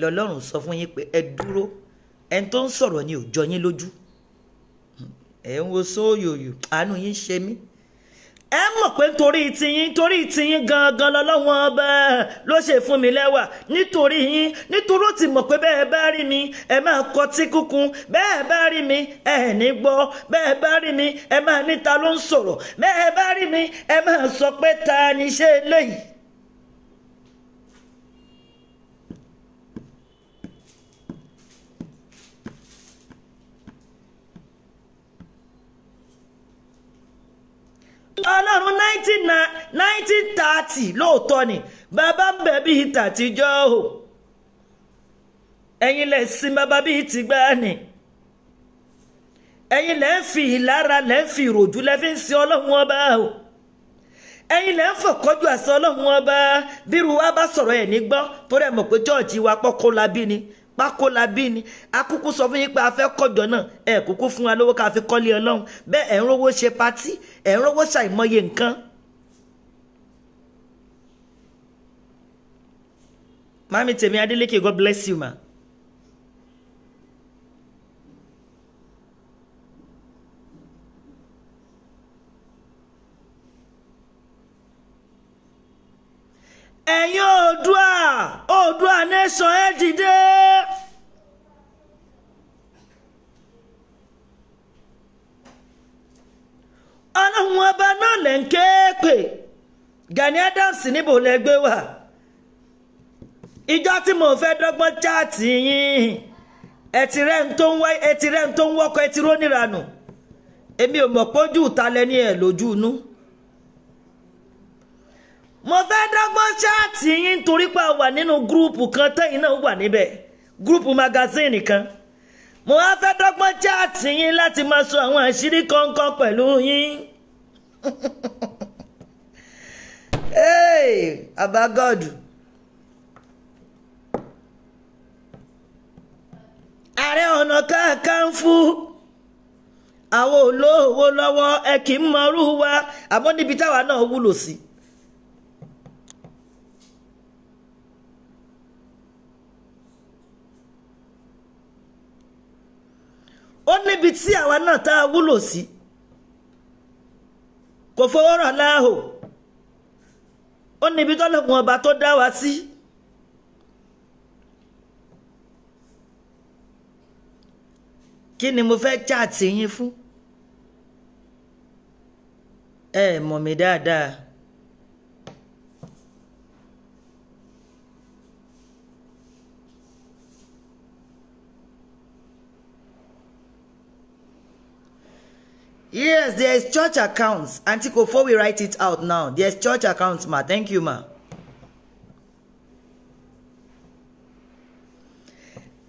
lọ́lọ́run sọ fún yín pé ẹ dúró ẹni tó ń sọ̀rọ̀ ni ò jọ yín lójú ẹ̀ ń wo sóòyòyò àánú yín ṣe mí ẹ mọ̀ pé torí tiyín torí tiyín gangan lọ́lọ́wọ́n ọba ló ṣe fún mi lẹ́wà nítorí yín nítorí ó ti mọ̀ pé bẹ́ẹ̀ bá rí mi ẹ máa kọtí kúkún bẹ́ẹ̀ bá rí mi ẹ ní gbọ́ bẹ́ẹ̀ bá rí mi ẹ máa níta ló ń sọ̀rọ̀ bẹ́ẹ̀ bá rí mi ẹ máa sọ pé ta ni ṣe eléyìí. ọlọ́run 1930 thirty lóòótọ́ ni bàbá ń bẹ̀ bíi tàtijọ́ o ẹ̀yin lẹ̀ sin bàbá bíi tìgbà ni ẹ̀yin lẹ̀ ń fi ìlara lẹ̀ ń fi ìròjú lẹ̀ fi ń sin ọlọ́run ọba o ẹ̀yin lẹ́ ń fọ̀kọ́jú àṣà ọlọ́run ọba bírú wa bá sọ̀rọ̀ ẹ̀ nígbọ́, gbọ́ torí ẹ̀ mọ̀ pé chọ́ọ̀chì wa pọ́kó la ni pákó la bí ni akúkú sọ fún yín pé a fẹ́ kọjọ náà ẹ kúkú fún wa lówó ká fi kọ́lé ọlọ́run bẹ́ẹ̀ ẹ̀ ń rówó ṣe patí ẹ̀ ń rówó ṣàìmọye nǹkan. mami tèmi Adeleke God bless you ma. ẹ̀yin oòdùà oòdùà nation ẹ dìde. ọlọ́run ọba náà lè ń ké pè Gani Adams níbo lẹ wà ìjọ tí mo fẹ́ dọ́gbọ́n chaàtì yín ẹ ti rẹ́ ń tó ń wọ́kọ̀ ẹ ti rónìranù èmi ò mọ̀ pójú ẹ̀ lójú inú. mo fẹ́ dọ́gbọ́n ṣáàtì yín torí pé a wà nínú gúrùpù kan tẹ́yìn náà wà níbẹ̀ magazine kan mo wá fẹ́ dọ́gbọ́n ṣáàtì yín láti máa sọ àwọn àṣírí kọ̀ọ̀kan pẹ̀lú yín. abagod are ààrẹ ọ̀nà káàkáńfù àwọn olówó lọ́wọ́ ẹ kì í mọrú wa àmọ́ níbi táwa náà wúlò ó níbi tí àwa náà tá a wúlò sí kò fọwọ́ rọ̀ láàhò ó níbi tọ́lọ́kùn ọba tó dá wa sí. kí ni mo fẹ́ chaàtì yín fún ẹ mọ̀ mí dáadáa. Yes, there is church accounts. Auntie before we write it out now. There's church accounts, ma. Thank you, ma.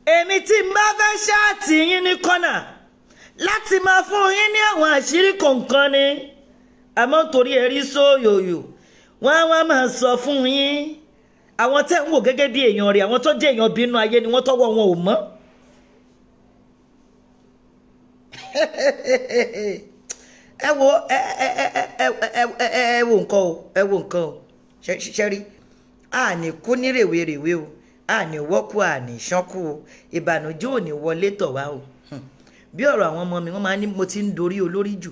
Èmi tí n fẹ́ ṣáàtì yín ní kọ́nà láti máa fún yín ní àwọn àṣírí kọ̀ọ̀kan ni. Àmọ́ torí ẹ̀rí sóyòyò, wọ́n á wá máa sọ fún yín. Àwọn tẹ́ ń wò gẹ́gẹ́ bí èèyàn rẹ̀, àwọn tó jẹ́ èèyàn bínú ayé ni wọ́n tọ́wọ́ wọn ò mọ́. ẹ wo ẹ ẹ ẹ ẹ ẹ wo nǹkan o ẹ wo nǹkan o ṣẹ́rí àní kú ní rèwerèwe o àní wọ́kú àní ṣánkú o ìbànújẹ́ ò ní wọlé tọ̀ wá o hmm. bí ọ̀rọ̀ àwọn ọmọ mi wọ́n máa ní mo ti ń dorí olórí jù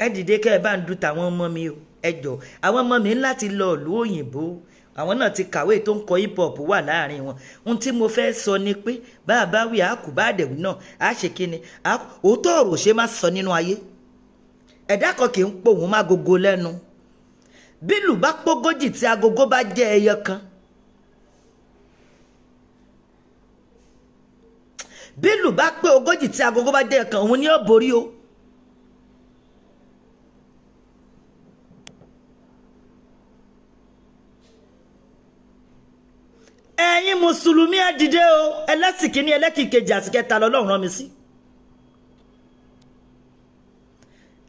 ẹ dìde kẹ́ ẹ bá ń du tàwọn ọmọ mi o ẹ jọ àwọn ọmọ mi láti lọ ìlú òyìnbó àwọn náà ti kàwé tó ń kọ hip hop wà láàrin wọn ohun tí mo fẹ́ sọ ni pé bá a bá wí àákú bá a dẹ̀wí náà a ṣe òótọ́ ọ̀rọ̀ ṣe má sọ nínú ayé ẹ̀dá kan kì í pohùn má gogo lẹ́nu bílù bá pógójì tí agogo bá jẹ́ ẹyọ kan bílù bá pé ogójì tí agogo bá jẹ́ ẹyọ kan òun ni ó borí o. ẹ̀yin mùsùlùmí ẹ dìde o ẹlẹ́sìn ẹlẹ́kìkejì àti kẹta lọ́lọ́run rán mi sí. Si.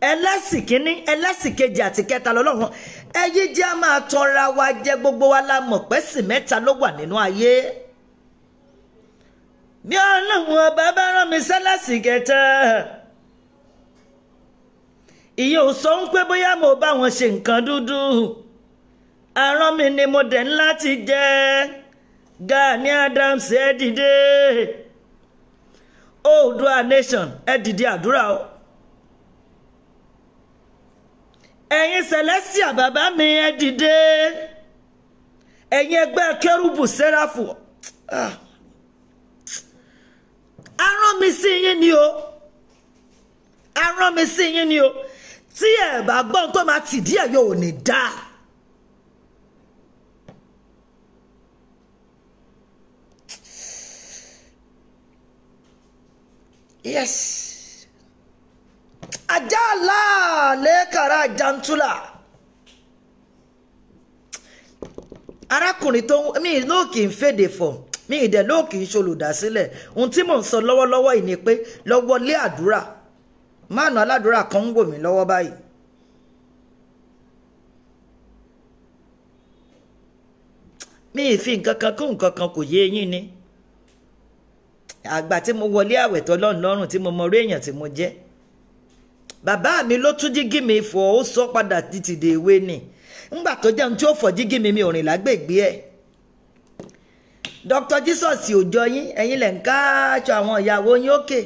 ẹlẹ́sìn kínní ẹlẹ́sìn kejì àti kẹta lọ́lọ́run ẹyí jẹ́ a máa tanra wa jẹ gbogbo wa la mọ̀ pẹ́sìn mẹ́ta ló wà nínú ayé bí ọlọ́run ọba bá rán mi sẹ́lẹ̀sìn kẹta ìyẹn ò sọ ń pé bóyá mo bá wọn ṣe nǹkan dúdú aràn mi ni mo dẹ̀ ń láti jẹ Gani Adams ẹ dìde Oòduà nation ẹ dìde àdúrà o. ẹ̀yin celestia bàbá mi ẹ dìde ẹ̀yin ẹgbẹ́ kẹrùbù sẹ́ráfù arán ah. mi sí yín ni o arán mi sí yín ni o tí ẹ bá gbọ́n tó máa tì díẹ̀ yóò ní dáa. Yes ajala lẹ́kàrà jantula arákùnrin tó ń mí ló kì í fèdè fọ̀ mí ìdẹ̀ ló kì í ṣolùdásílẹ̀ ohun tí mò ń sọ lọ́wọ́lọ́wọ́ yìí ni pé lọ́wọ́ lé àdúrà máàna aládùúrà kan ń wò mí lọ́wọ́ báyìí. mi ì fi nǹkan kan kó nǹkan kan kò yé eyín ni àgbà tí mo wọlé àwẹ̀ tọ́lọ́run lọ́rùn tí mo mọ orí èèyàn tí mo jẹ́ bàbá mi ló tún jígí mi fọ ó sọ padà títí dé ìwé ni ńgbà tó jẹun tí ó fọ jígí mi mi ò rìn lágbègbè ẹ̀ Dr. Jesus òjọ yín ẹ̀yin lẹ̀ ń káàṣọ àwọn ìyàwó yín òkè.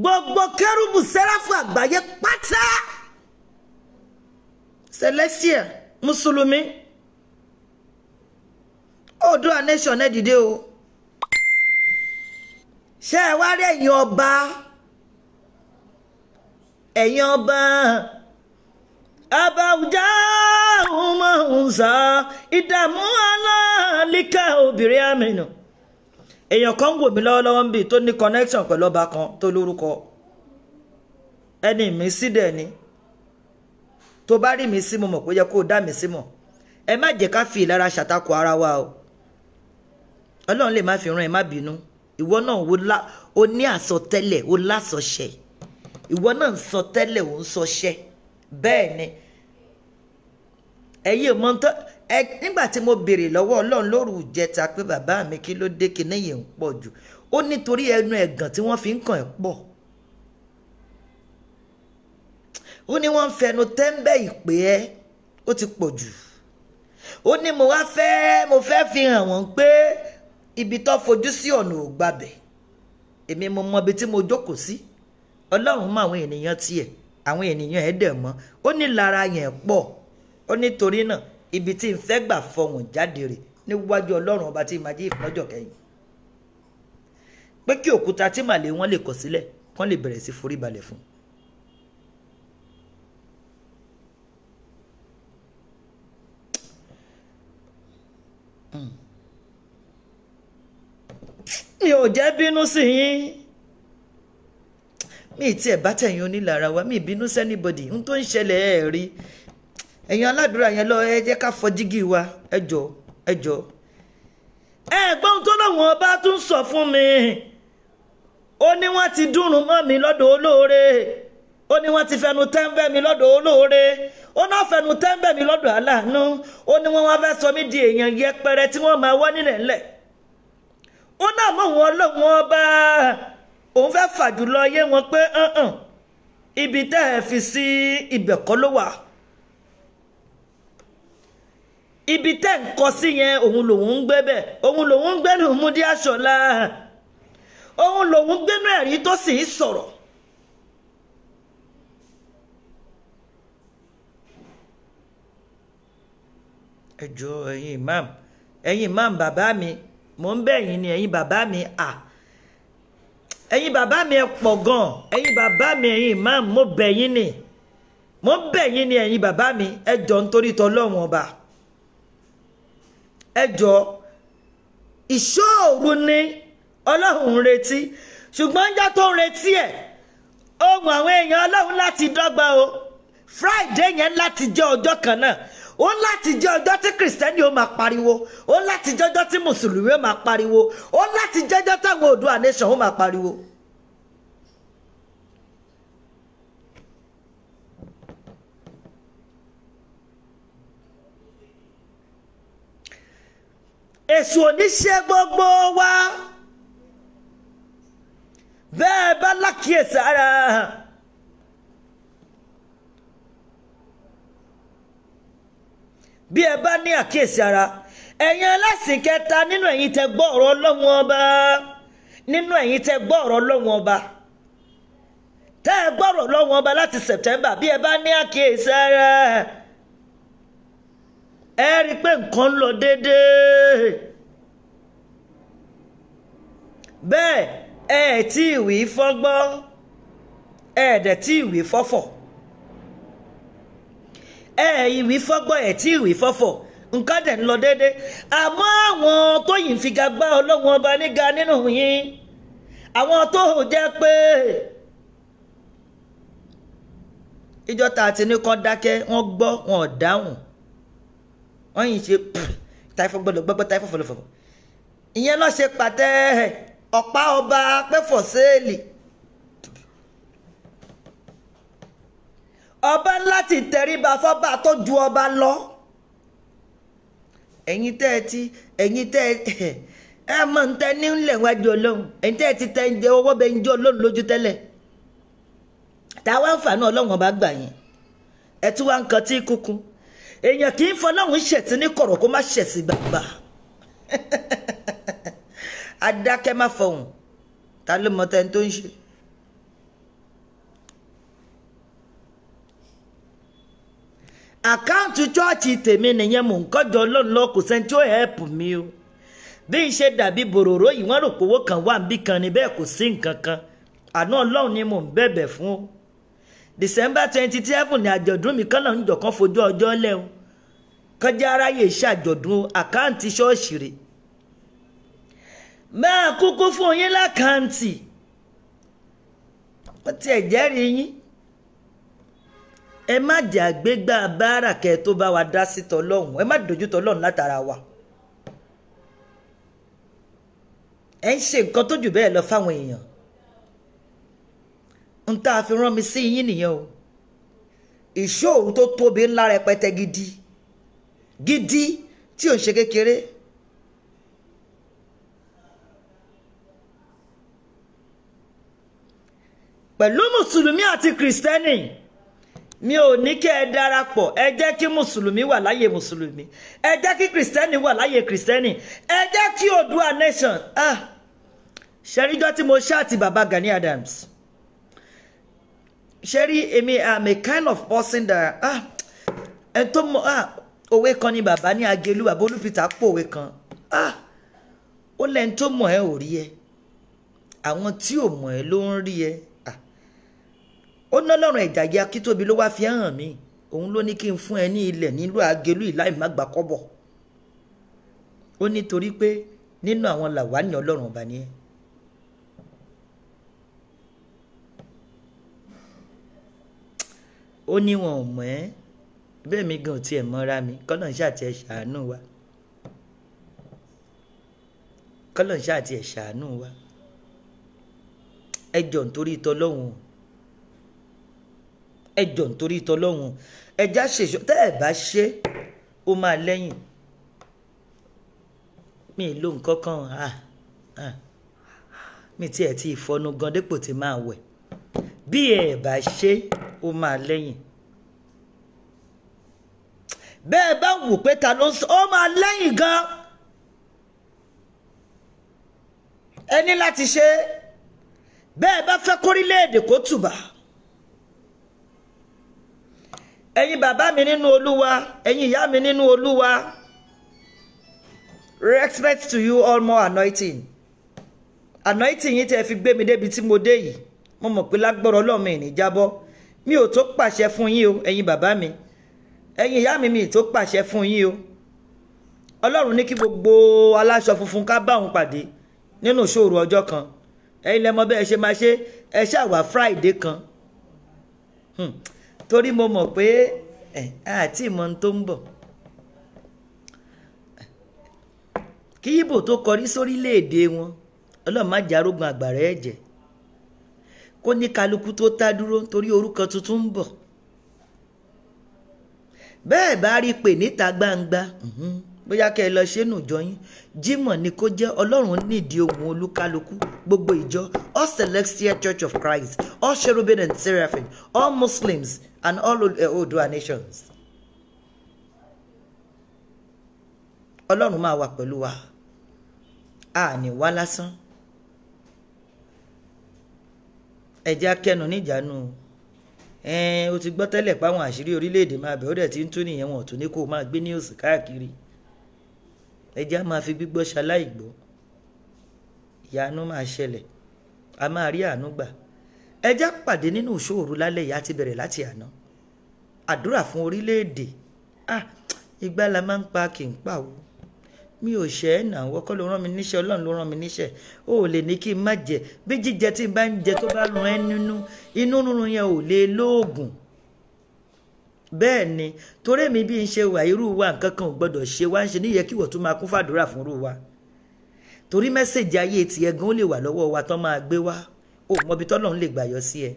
gbogbo kẹrùbù sẹ́ráfù àgbáyé pátá celestia mùsùlùmí Oòduà nation ẹ̀ dìde o ṣé ẹ wá rí ẹ̀yin ọba ẹ̀yin ọba abawujá ọmọọ̀nsá ìdààmú aláàlíkà obìnrin àmìnà èèyàn kan wò mí lọ́wọ́lọ́wọ́ ń bì tó ní connection pẹ̀lú ọba kan tó lórúkọ ẹni mi sí dẹ̀ ni tó bá rí mi sí mo mọ̀ pé yẹ kó o dá mi sí mọ̀ ẹ má jẹ́ ká fi ìlara ṣàtakò ara wa o ọlọ́run lè má fi ràn ẹ má bínú ìwọ náà wo la o ní àsọtẹ́lẹ̀ o lásọṣẹ ìwọ náà ń sọ tẹ́lẹ̀ ò ń sọṣẹ bẹ́ẹ̀ ni ẹ̀yin mọ tán ẹ nígbà tí mo béèrè lọ́wọ́ Ọlọ́run lóru ìjẹta pé bàbá mi kí ló dé kíní yìí ń pọ̀ jù ó nítorí ẹnu ẹ̀gàn tí wọ́n fi ń kàn ẹ́ pọ̀ ó ní wọ́n fẹnu tẹ́ńbẹ́ ìpè ẹ́ ó ti pọ̀ jù ó ní mo wá fẹ́ mo fẹ́ fi hàn wọ́n pé ibi tó fojú sí ọ̀nà ò gbabẹ̀ èmi mo mọ ibi tí mo jókòó sí ọlọ́run mọ àwọn ènìyàn tiẹ̀ àwọn ènìyàn ẹ̀ dẹ̀ mọ́ ó ní lára yẹn pọ̀ ó nítorí náà ibi tí n fẹ́ gbà fọhùn jáde rè níwájú ọlọ́run ọba tí màá jí ìfọ́jọ́ kẹyìn pé kí òkúta tí màlẹ́ wọn lè kọ̀ sílẹ̀ kán lè bẹ̀rẹ̀ sí forí balẹ̀ fún Mm mi ò jẹ́ bínú sí yín mi tiẹ̀ bá tẹ̀yìn onílára wa mi bínú sẹ́nibọ̀dì ohun tó ń ṣẹlẹ̀ ẹ̀ rí ẹ̀yin aládùúrà yẹn lọ ẹ jẹ́ ká fọ wa ẹ jọ ẹ jọ. ẹ gbọ́n tó lọ́wọ́n ọba tún sọ fún mi ó ní wọ́n ti dúrùn mọ́ mi lọ́dọ̀ olóore ó ní wọ́n ti fẹnu tẹ́ńbẹ́ mi lọ́dọ̀ olóore ó náà fẹnu tẹ́ńbẹ́ mi lọ́dọ̀ aláàánú ó ní wọ́n wá fẹ́ sọ mí di èèyàn yẹpẹrẹ tí wọ́n máa wọ́ nílẹ̀ ńlẹ̀ ó náà mọ̀ wọn lóun ọba òun fẹ́ fàjùlọ yé wọn pé hàn-hàn ibi tẹ́ ẹ fi sí ibẹ̀ kọ́ ló wà ibi tẹ́ ń kọ sí yẹn òun lòun ń gbé bẹ̀ òun lòun ń gbénu Múdíàṣọlá òun lòun gbénu ẹ̀rí tó sì ń sọ̀rọ̀. ẹjọ ẹ̀yin imam ẹ̀yin imam bàbá mi mò ń bẹ̀ yín ni ẹ̀yin bàbá mi à ẹ̀yin bàbá mi ẹ pọ̀ gan ẹ̀yin bàbá mi ẹ̀yin máa mo bẹ̀ yín ni mò ń bẹ̀ yín ni ẹ̀yin bàbá mi ẹ jọ nítorí tọlọ́run ọba ẹ jọ ìṣòro ni ọlọ́run ń retí ṣùgbọ́n ńjọ́ tó ń retí ẹ̀ ohun àwọn èèyàn ọlọ́run láti dọ́gba o Friday yẹn láti jẹ́ ọjọ́ kan náà ó láti jẹ́ ọjọ́ tí kìrìsìtẹ́nì ó máa pariwo ó láti jẹ́ ọjọ́ tí mùsùlùmí ó máa pariwo ó láti jẹ́ ọjọ́ táwọn Oòduà nation ó máa pariwo. èṣù oníṣẹ́ gbogbo wa bẹ́ẹ̀ bá lákìyèsára hàn. bí ẹ bá ní àkíyèsí ara ẹ̀yin ẹlẹ́sìn kẹta nínú ẹ̀yin tẹ gbọ́ ọ̀rọ̀ ọlọ́run ọba nínú ẹ̀yin tẹ gbọ́ ọ̀rọ̀ ọlọ́run ọba tẹ́ ẹ gbọ́rọ̀ ọlọ́run ọba láti September bí ẹ bá ní àkíyèsí ara ẹ rí i pé nǹkan ń lọ déédéé bẹ́ẹ̀ ẹ tí ì fọ́gbọ́n ẹ tí ì fọ́fọ̀ ẹ ìwí fọ́gbọ́ ẹ̀ tí ìwí fọ́fọ́ nǹkan dẹ̀ ń lọ déédéé àmọ́ àwọn tó yìí ń figa gbá ọlọ́run ọba níga nínú yín àwọn tó hò jẹ́ pé ìjọ tá a ti ní kọ́ dákẹ́ wọ́n gbọ́ wọn ò dáhùn wọ́n yìí ṣe táìfọ́ gbọ́dọ̀ gbọ́gbọ́ táìfọ́ fọlọ́fọ́ ìyẹn ló ṣe pàtẹ́ ọ̀pá ọba pẹ́fọ̀ séèlì. ọba láti tẹríba fọba tó ju ọba lọ ẹ̀yin tẹ́ ẹ ti ẹ̀yin tẹ́ ẹ ẹ mọ̀ ń tẹ́ ní ńlẹ̀ wájú ọlọ́run ẹ̀yin tẹ́ ẹ ti tẹ́ ń jẹ owó bẹ́ẹ̀ ń jẹ́ ọlọ́run lójú tẹ́lẹ̀ táwa ń fàánú ọlọ́run ọba gbà yẹn ẹ tún wá ń kan tí kúkún èèyàn kì í fọlọ́run ṣẹ̀tì ní kọ̀rọ̀ kó má ṣẹ̀sì gbàgbà adákẹ́ má fọhùn ta ló mọ tẹ́ni tó ń ṣe. àkáǹtì chọọchị tèmi nìyẹn mò ń kọ́jọ ọlọ́run lọ kò sẹ́ni tí ó hẹ́ẹ̀pù mi o bí n ṣe dàbí bòròró yìí wọ́n rò kan wà níbí kan ni bẹ́ẹ̀ kò sí nǹkan kan àná ọlọ́run ni mò ń bẹ̀bẹ̀ fún o december twenty seven ni àjọ̀dún mi kán náà ń jọ̀kan fojú ọjọ́ lẹ́hìn kọjá aráyè ṣàjọ̀dún àkáǹtì ṣọ́ọ̀ṣì rẹ̀ máa kúkú fún yín lákàǹtì wọ́n tiẹ̀ jẹ́rìí yín ẹ má jẹ́ àgbégbá báárà kẹ́ ẹ tó bá wa dá sí tọlọ́hún ẹ má dojú tọlọ́hún látara wa. ẹ ń ṣe nǹkan tó jù bẹ́ẹ̀ lọ fáwọn èèyàn ń tá a fi rán mi sí yín nìyẹn o ìṣòro tó tóbi ńlá rẹpẹtẹ gidi gidi tí ò ń ṣe kékeré. pẹ̀lú mùsùlùmí àti kìrìsìtẹ́nì mi ò ní kí ẹ darapọ̀ ẹ jẹ́ kí mùsùlùmí wà láyè mùsùlùmí ẹ jẹ́ kí kìrìsìtẹ́nì wà láyè kìrìsìtẹ́nì ẹ jẹ́ kí Oòduà nation ah ṣẹ́ríjọ́ tí mo ṣáàtì baba Gani Adams ṣẹ́rí èmi am a kind of person that ah ẹ tó mọ ah òwe kan ni bàbá ní agelu bàbá olùpìtà pòwe kan ah ó lẹ́ni tó mọ̀ ẹ́ ò rí ẹ àwọn tí ò mọ̀ ẹ́ ló ń rí ẹ ó ná lọ́rùn Ìjàyè Akíntóbi ló wáá fi hàn mí òun ló ní kí n fún ẹ ní ilẹ̀ nílùú Àgélú ìláì má gbà kọ́bọ̀ ó nítorí pé nínú àwọn làwáàní Ọlọ́run ọba ni ẹ́ ó ní wọn ò mọ̀ ẹ́ bẹ́ẹ̀ mi gan ò tiẹ̀ mọ́ra mi kọ́nà ṣáàtì ẹ̀ ṣàánú wa kọ́nà ṣáàtì ẹ̀ ṣàánú wa ẹ jọ̀ nítorí tọlọ́hun o ẹ jọ̀ nítorí tọlọ́run ẹja ṣèṣọ tẹ́ ẹ bá ṣe ó máa lẹ́yìn mi ì lo nǹkan ah ah mi tiẹ̀ ti ìfọnu gan dépò tí máa wẹ̀ bí ẹ bá ṣe ó máa lẹ́yìn bẹ́ẹ̀ bá wù pé ta ló ń sọ ó máa lẹ́yìn gan ẹ ní láti ṣe bẹ́ẹ̀ bá fẹ́ kórílẹ̀ èdè kó tùbà ẹ̀yin bàbá mi nínú olúwa ẹ̀yin ìyá mi nínú olúwa respect to you all more anointing anointing yìí tẹ́ fi gbé mi débi tí mo dé yìí mo mọ̀ pé lágbọ́rọ̀ ọlọ́run ìní jábọ́ mi ò tó pàṣẹ fún yín o ẹ̀yin bàbá mi ẹ̀yin ìyá mi mi tó pàṣẹ fún yín o ọlọ́run ní kí gbogbo aláṣọ funfun ká bá òun pàdé nínú ìṣòro ọjọ́ kan ẹ̀yin lẹ́mọ bẹ́ẹ̀ ṣe máa ṣe ẹ ṣàwà Friday kan. Hmm torí mo mọ̀ pé àti ìmọ̀ ohun tó ń bọ̀ kí ibo tó kọrí sórílẹ̀-èdè wọn ọlọ́run má járógun àgbàrá ẹ̀jẹ̀ kó ní kálukú tó tá dúró torí orúkọ tuntun ń bọ̀ bẹ́ẹ̀ bá rí pè níta gbangba mhm, bóyá kẹ́ ẹ lọ ṣe nù jọyín Jímọ̀ ni kó jẹ́ Ọlọ́run nídìí ohun olúkálukú gbogbo ìjọ all Celestial Church of Christ all cherubim and seraphim all Muslims and all Odua eh, nations. Ọlọ́run máa wà pẹ̀lú wa a ní wá lásán ẹ̀jẹ̀ akẹ́nu níjànú ẹ̀ẹ́n o ti gbọ́ tẹ́lẹ̀ páwọn àṣírí orílẹ̀-èdè máa bẹ̀ ó dẹ̀ ti ń tún nìyẹn wọn ò tún ní kó máa gbé ní òsì káàkiri ẹ̀jẹ̀ á máa fi gbígbọ́ ṣaláìgbọ́ ìyanu máa ṣẹlẹ̀ a máa rí àánú gbà ẹ já pàdé nínú ìṣòro lálẹ́ yìí àti bẹ̀rẹ̀ láti àná àdúrà fún orílẹ̀-èdè ah ìgbà la máa ń pa kì í pàwọ́ mi ò ṣe é nà wọ́n kọ́ ló rán mi níṣẹ́ ọlọ́run ló rán mi níṣẹ́ ó ò lè ní kí n má jẹ bí jíjẹ tí n bá ń jẹ tó bá run ẹ́ nínú inú rúnrun yẹn ò lè lóògùn bẹ́ẹ̀ ni torí mi bí n ṣe wà irú wa nǹkan kan ò gbọ́dọ̀ ṣe wá ń ṣe níyẹ kí wọ́n tún máa kún fàdúrà fún irú wa torí mẹ́sẹ̀jì ayé tiẹ̀ gan ó lè wà lọ́wọ́ wa tán máa gbé wá o mọbi tọ́lọ́run lè gbà yọ sí ẹ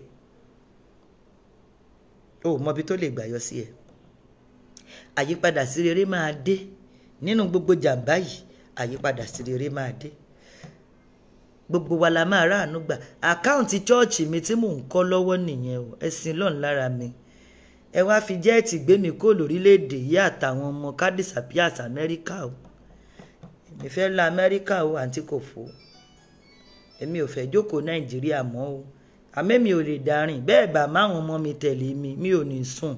o mọbi tó lè gbà yọ sí ẹ àyípadà sí rere máa dé nínú gbogbo jàǹbá yìí àyípadà sí rere máa dé gbogbo wa la máa ráàánú gbà àkáǹtì chọ́ọ̀chì mi tí mò ń kọ́ lọ́wọ́ nìyẹn o ẹ̀sìn lọ́n lára mi ẹ wá fi jẹ́ẹ̀tì gbé mi kó lórílẹ̀‐èdè yìí àtàwọn ọmọ kádìsà bíi amẹ́ríkà o èmi fẹ́ la amẹ́ríkà o àǹtí kò fò ó èmi ò fẹ́ jókòó nàìjíríà mọ́ o àmọ́ mi ò lè darin bẹ́ẹ̀ bá máwọn ọmọ mi tẹ̀lé mi mi ò ní sùn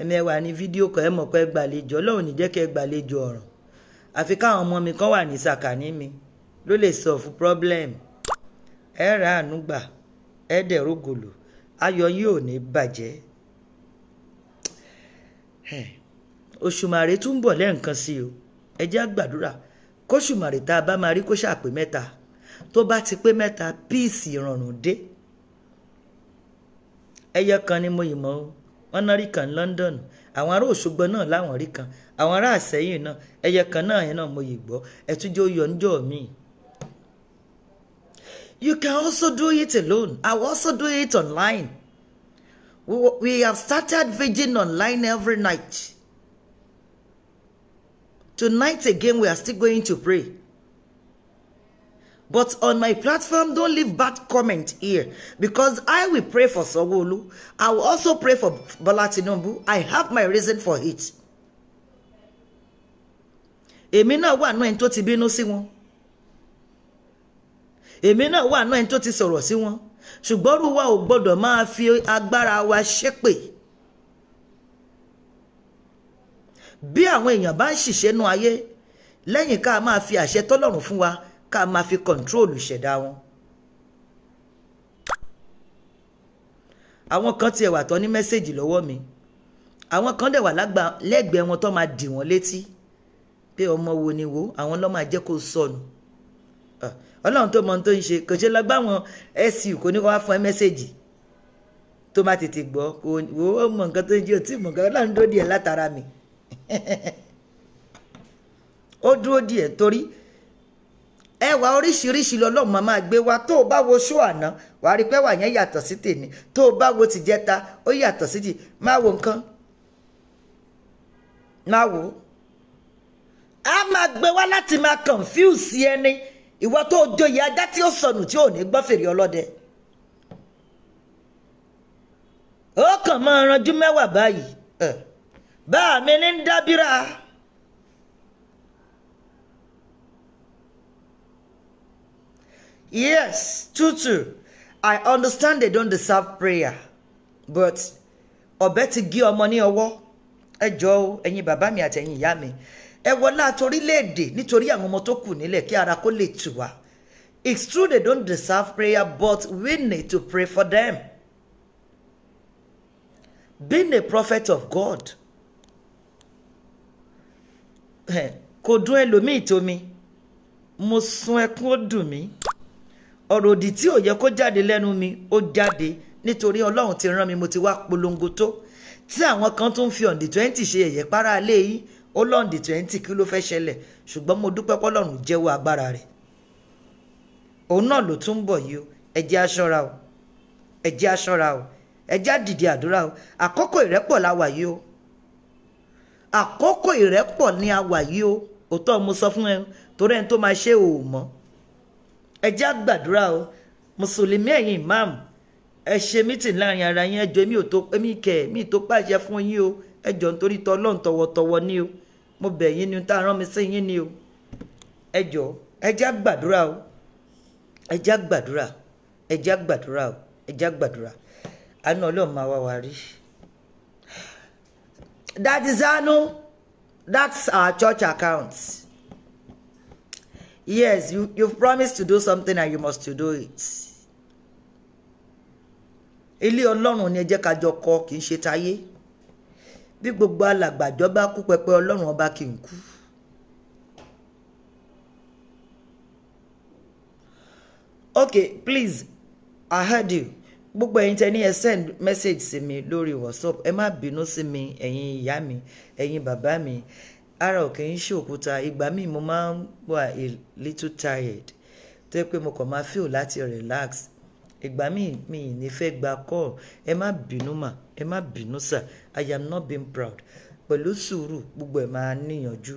ẹ̀mí ẹ wà ní fídíò kan ẹ mọ̀ pé gbàlejò ọlọ́run ní jẹ́ kẹ́ gbàlejò ọ̀ràn àfi káwọn ọmọ mi kan wà ní sàkání mi ló lè sọ fún problem ẹ ra àánú gbà ẹ dẹ̀rọ gòlò ayọ̀ yìí ò ní bàjẹ́ òṣùmàrè tún bọ̀ lẹ́ǹkan sí o ẹ jẹ́ àgbàdúrà kóṣùmàrè tá a bá máa rí kó ṣàpè mẹ́ta tó bá ti pé mẹ́ta píìsì ìrọ̀rùn dé ẹyọ kan ni mo yìí mọ́ o wọ́n náà rí kan ní London àwọn ará Òṣogbo náà láwọn rí kan àwọn ará Àsẹ́yìn náà ẹyọ kan náà yẹn náà mo yìí gbọ́ ẹ̀túnjẹ́ oyè ọ̀njọ́ mi. You can also do it alone. I will also do it online. We, we have started virgin online every night. Tonight again, we are still going to pray. But on my platform, don't leave bad comment here because I will pray for Sogolu. I will also pray for Bola Tinubu. I have my reason for it. Èmi náà wà nú ẹni tó ti bínú sí wọn. Èmi náà wà nú ẹni tó ti sọ̀rọ̀ sí wọn. Ṣùgbọ́n irú wa ò gbọ́dọ̀ máa fi agbára wa ṣépè. Bi àwọn èèyàn bá ń ṣìṣe aye ayé lẹ́yìn ká máa fi àṣẹ tọ́lọ́run fún wa ká máa fi kọ̀ǹtróòlù ìṣẹ̀dá wọn. àwọn kan tiẹ̀ wà tán ní mẹ́sẹ̀gì lọ́wọ́ mi àwọn kan dẹ̀ wà lẹ́gbẹ̀ẹ́ wọn tó máa dì wọ́n létí pé ọmọ wo ni wo àwọn lọ́ máa jẹ́ kó sọnù ah, ọlọ́run tó mọ ohun tó ń ṣe kò ṣe lọ gbáwọn su kò ní kó wá fún ẹ mẹ́sẹ̀gì tó bá tètè gbọ́ kò wò ó mọ nǹkan tó ń jẹ́ òtí mọ nǹkan ọlọ́run dúró díẹ̀ látara mi ó dúró díẹ̀ torí ẹwà oríṣiríṣi lọ́lọ́run máa máa gbé wa tó o bá wo ṣó àná wàá rí pẹ́wà yẹn yàtọ̀ sí tèmi tó o bá wo jẹta ó yàtọ̀ sí ti máa wo nǹkan máa ó. a máa gbé wa láti máa confuse ẹni ìwọ tó o joyè ajá tí ó sọnù tí ò ní gbọ́ fèrè ọlọ́dẹ ó kàn máa ranjú mẹ́wàá báyìí bá mi ní dábìrà. Yes, Tutu, I understand they don't deserve prayer, but ọ̀bẹ ti gé ọmọ ní ọwọ́ ẹ jọ o ẹ̀yin bàbá mi àtẹ̀yin ìyá mi ẹ Tori torílẹ̀ ni Tori àwọn ọmọ ki kù nílẹ̀ it's true they don't deserve prayer but we need to pray for them being a prophet of God kò dún ẹlòmíì tó mi mo sun ẹkún ó dùn ọ̀rọ̀ òdì tí ò yẹ kó jáde lẹ́nu mi ó jáde nítorí ọlọ́run ti rán mi mo ti wá polongo tó tí àwọn kan tún fi ọ̀ǹdì twenty ṣe ẹ̀yẹ para alẹ́ yìí ó lọ́ǹdì twenty kí ló fẹ́ ṣẹlẹ̀ ṣùgbọ́n mo dúpẹ́ pọ́lọ́run jẹ́wọ́ agbára rẹ̀ òun náà ló tún ń bọ̀ yìí o ẹ jẹ́ a ṣọ́ra o ẹ jẹ́ a ṣọ́ra o ẹ jẹ́ àdúrà o àkókò ìrẹ́pọ̀ la wà yìí o àkókò ìrẹ́pọ̀ ni a wà yìí o òótọ́ mo sọ fún ẹ torí ẹni tó máa ṣe òòmọ́ ẹ jẹ́ á gbàdúrà o mùsùlùmí ẹ̀yin ìmáàmù ẹ ṣe mítìn láàrin ara yín ẹjọ́ èmi ò tó èmi kẹ̀ èmi tó pàṣẹ fún yín o ẹjọ́ nítorí tọ́ tọwọ́tọwọ́ ni o mo bẹ̀ yín ni tá a rán mi sí yín ni o ẹjọ́ ẹ jẹ́ á gbàdúrà o ẹ jẹ́ gbàdúrà ẹ jẹ́ gbàdúrà o ẹ jẹ́ gbàdúrà àánú ọlọ́run máa wá wa rí. that is Anu that's our church account. Yes, you, you've promised to do something and you must to do it. Ilé Ọlọ́run ni ẹ jẹ́ ká jọ kọ́ kì í ṣe tayé. Bí gbogbo alàgbàjọ bá kú pẹpẹ Ọlọ́run ọba kì í kú. Okay, please, I heard you. Gbogbo ẹ̀yin tẹ́ ẹ send message sí mi lórí WhatsApp. Ẹ má bínú sí mi, ẹ̀yin ìyá mi, ẹ̀yin bàbá mi ara ò kì í ṣe òkúta ìgbà míì mo máa ń wà a little tired tó yẹ pé mo kàn máa feel láti relax ìgbà míì mi ì ní fẹ́ gba call ẹ má bínú mà ẹ má bínú sà i am not being proud pẹ̀lú sùúrù gbogbo ẹ̀ máa níyànjú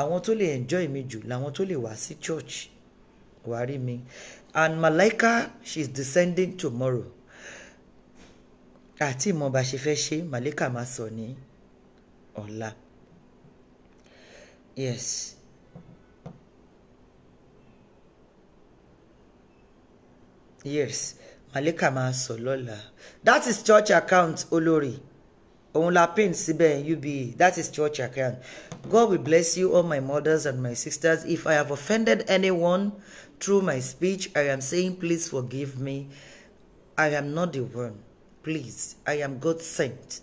àwọn tó lè enjoy mi jù làwọn tó lè wá sí church wàá rí mi and malaika she is descending tomorrow àti ìmọ̀ bá ṣe fẹ́ ṣe màlíkà máa sọ ní ọ̀la. Yes. Yes. Malika Maso lọ́la. That is church account Olori. Òun la pin síbẹ̀ That is church account. God will bless you all my mothers and my sisters. If I have offended anyone through my speech, I am saying please forgive me. I am not the one. Please, I am God sent.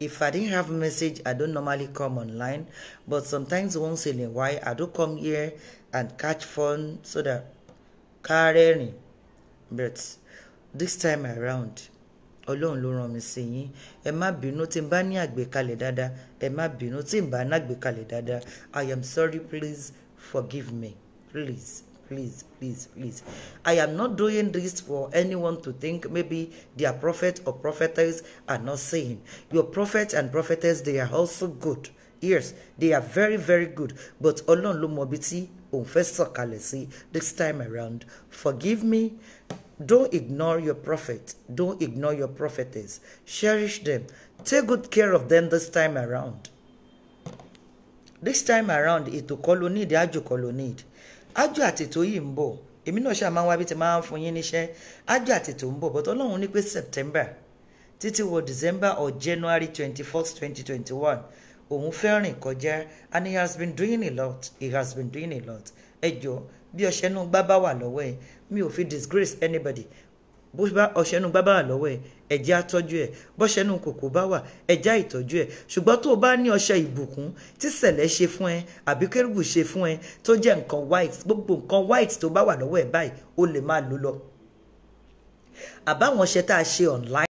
if I didn't have message, I don't normally come online. But sometimes once in a while, I do come here and catch phone so that carry. But this time around, Ọlọ́run ló ràn mí sí yín ẹ má bínú tí n bá ní àgbékalẹ̀ dáadáa ẹ má bínú tí n bá ní àgbékalẹ̀ dáadáa I am sorry please forgive me please. please please please i am not doing this for anyone to think maybe their prophet or prophetess are not saying your prophet and prophetess they are also good yes they are very very good but ọlọ́run ló mọ this time around forgive me don't ignore your prophet don't ignore your prophetess cherish them take good care of them this time around this time around ètò kọ́ ló need àjò kọ́ ájò àtètò yìí ń bọ̀ èmi náà ṣáà máa ń wá bí ti máa ń fún yín níṣẹ́ ájò àtètò ń bọ̀ bọ́tọ́ ọlọ́run ní pé september títí wọ december or january twenty first twenty twenty one òun fẹ́ rìn kọjá and he has been doing a lot he has been doing a lot ẹ jọ bí ọṣẹ inú gbá bá wà lọ́wọ́ ẹ mi ò fi disgrace anybody bó ọṣẹ inú gbá bá wà lọ́wọ́ ẹ ẹ̀jẹ̀ àtọ́jú ẹ̀ bọ́ṣẹ́ inú kòkó bá wà ẹ̀jẹ̀ àìtọ́jú ẹ̀ ṣùgbọ́n tó o bá ní ọṣẹ ìbùkún tí sẹ̀lẹ̀ ṣe fún ẹ àbí kérúbù ṣe fún ẹ tó jẹ́ nǹkan white gbogbo nǹkan white tó bá wà lọ́wọ́ ẹ̀ báyìí o lè máa lò lọ àbáwọn ọṣẹ tá a ṣe online.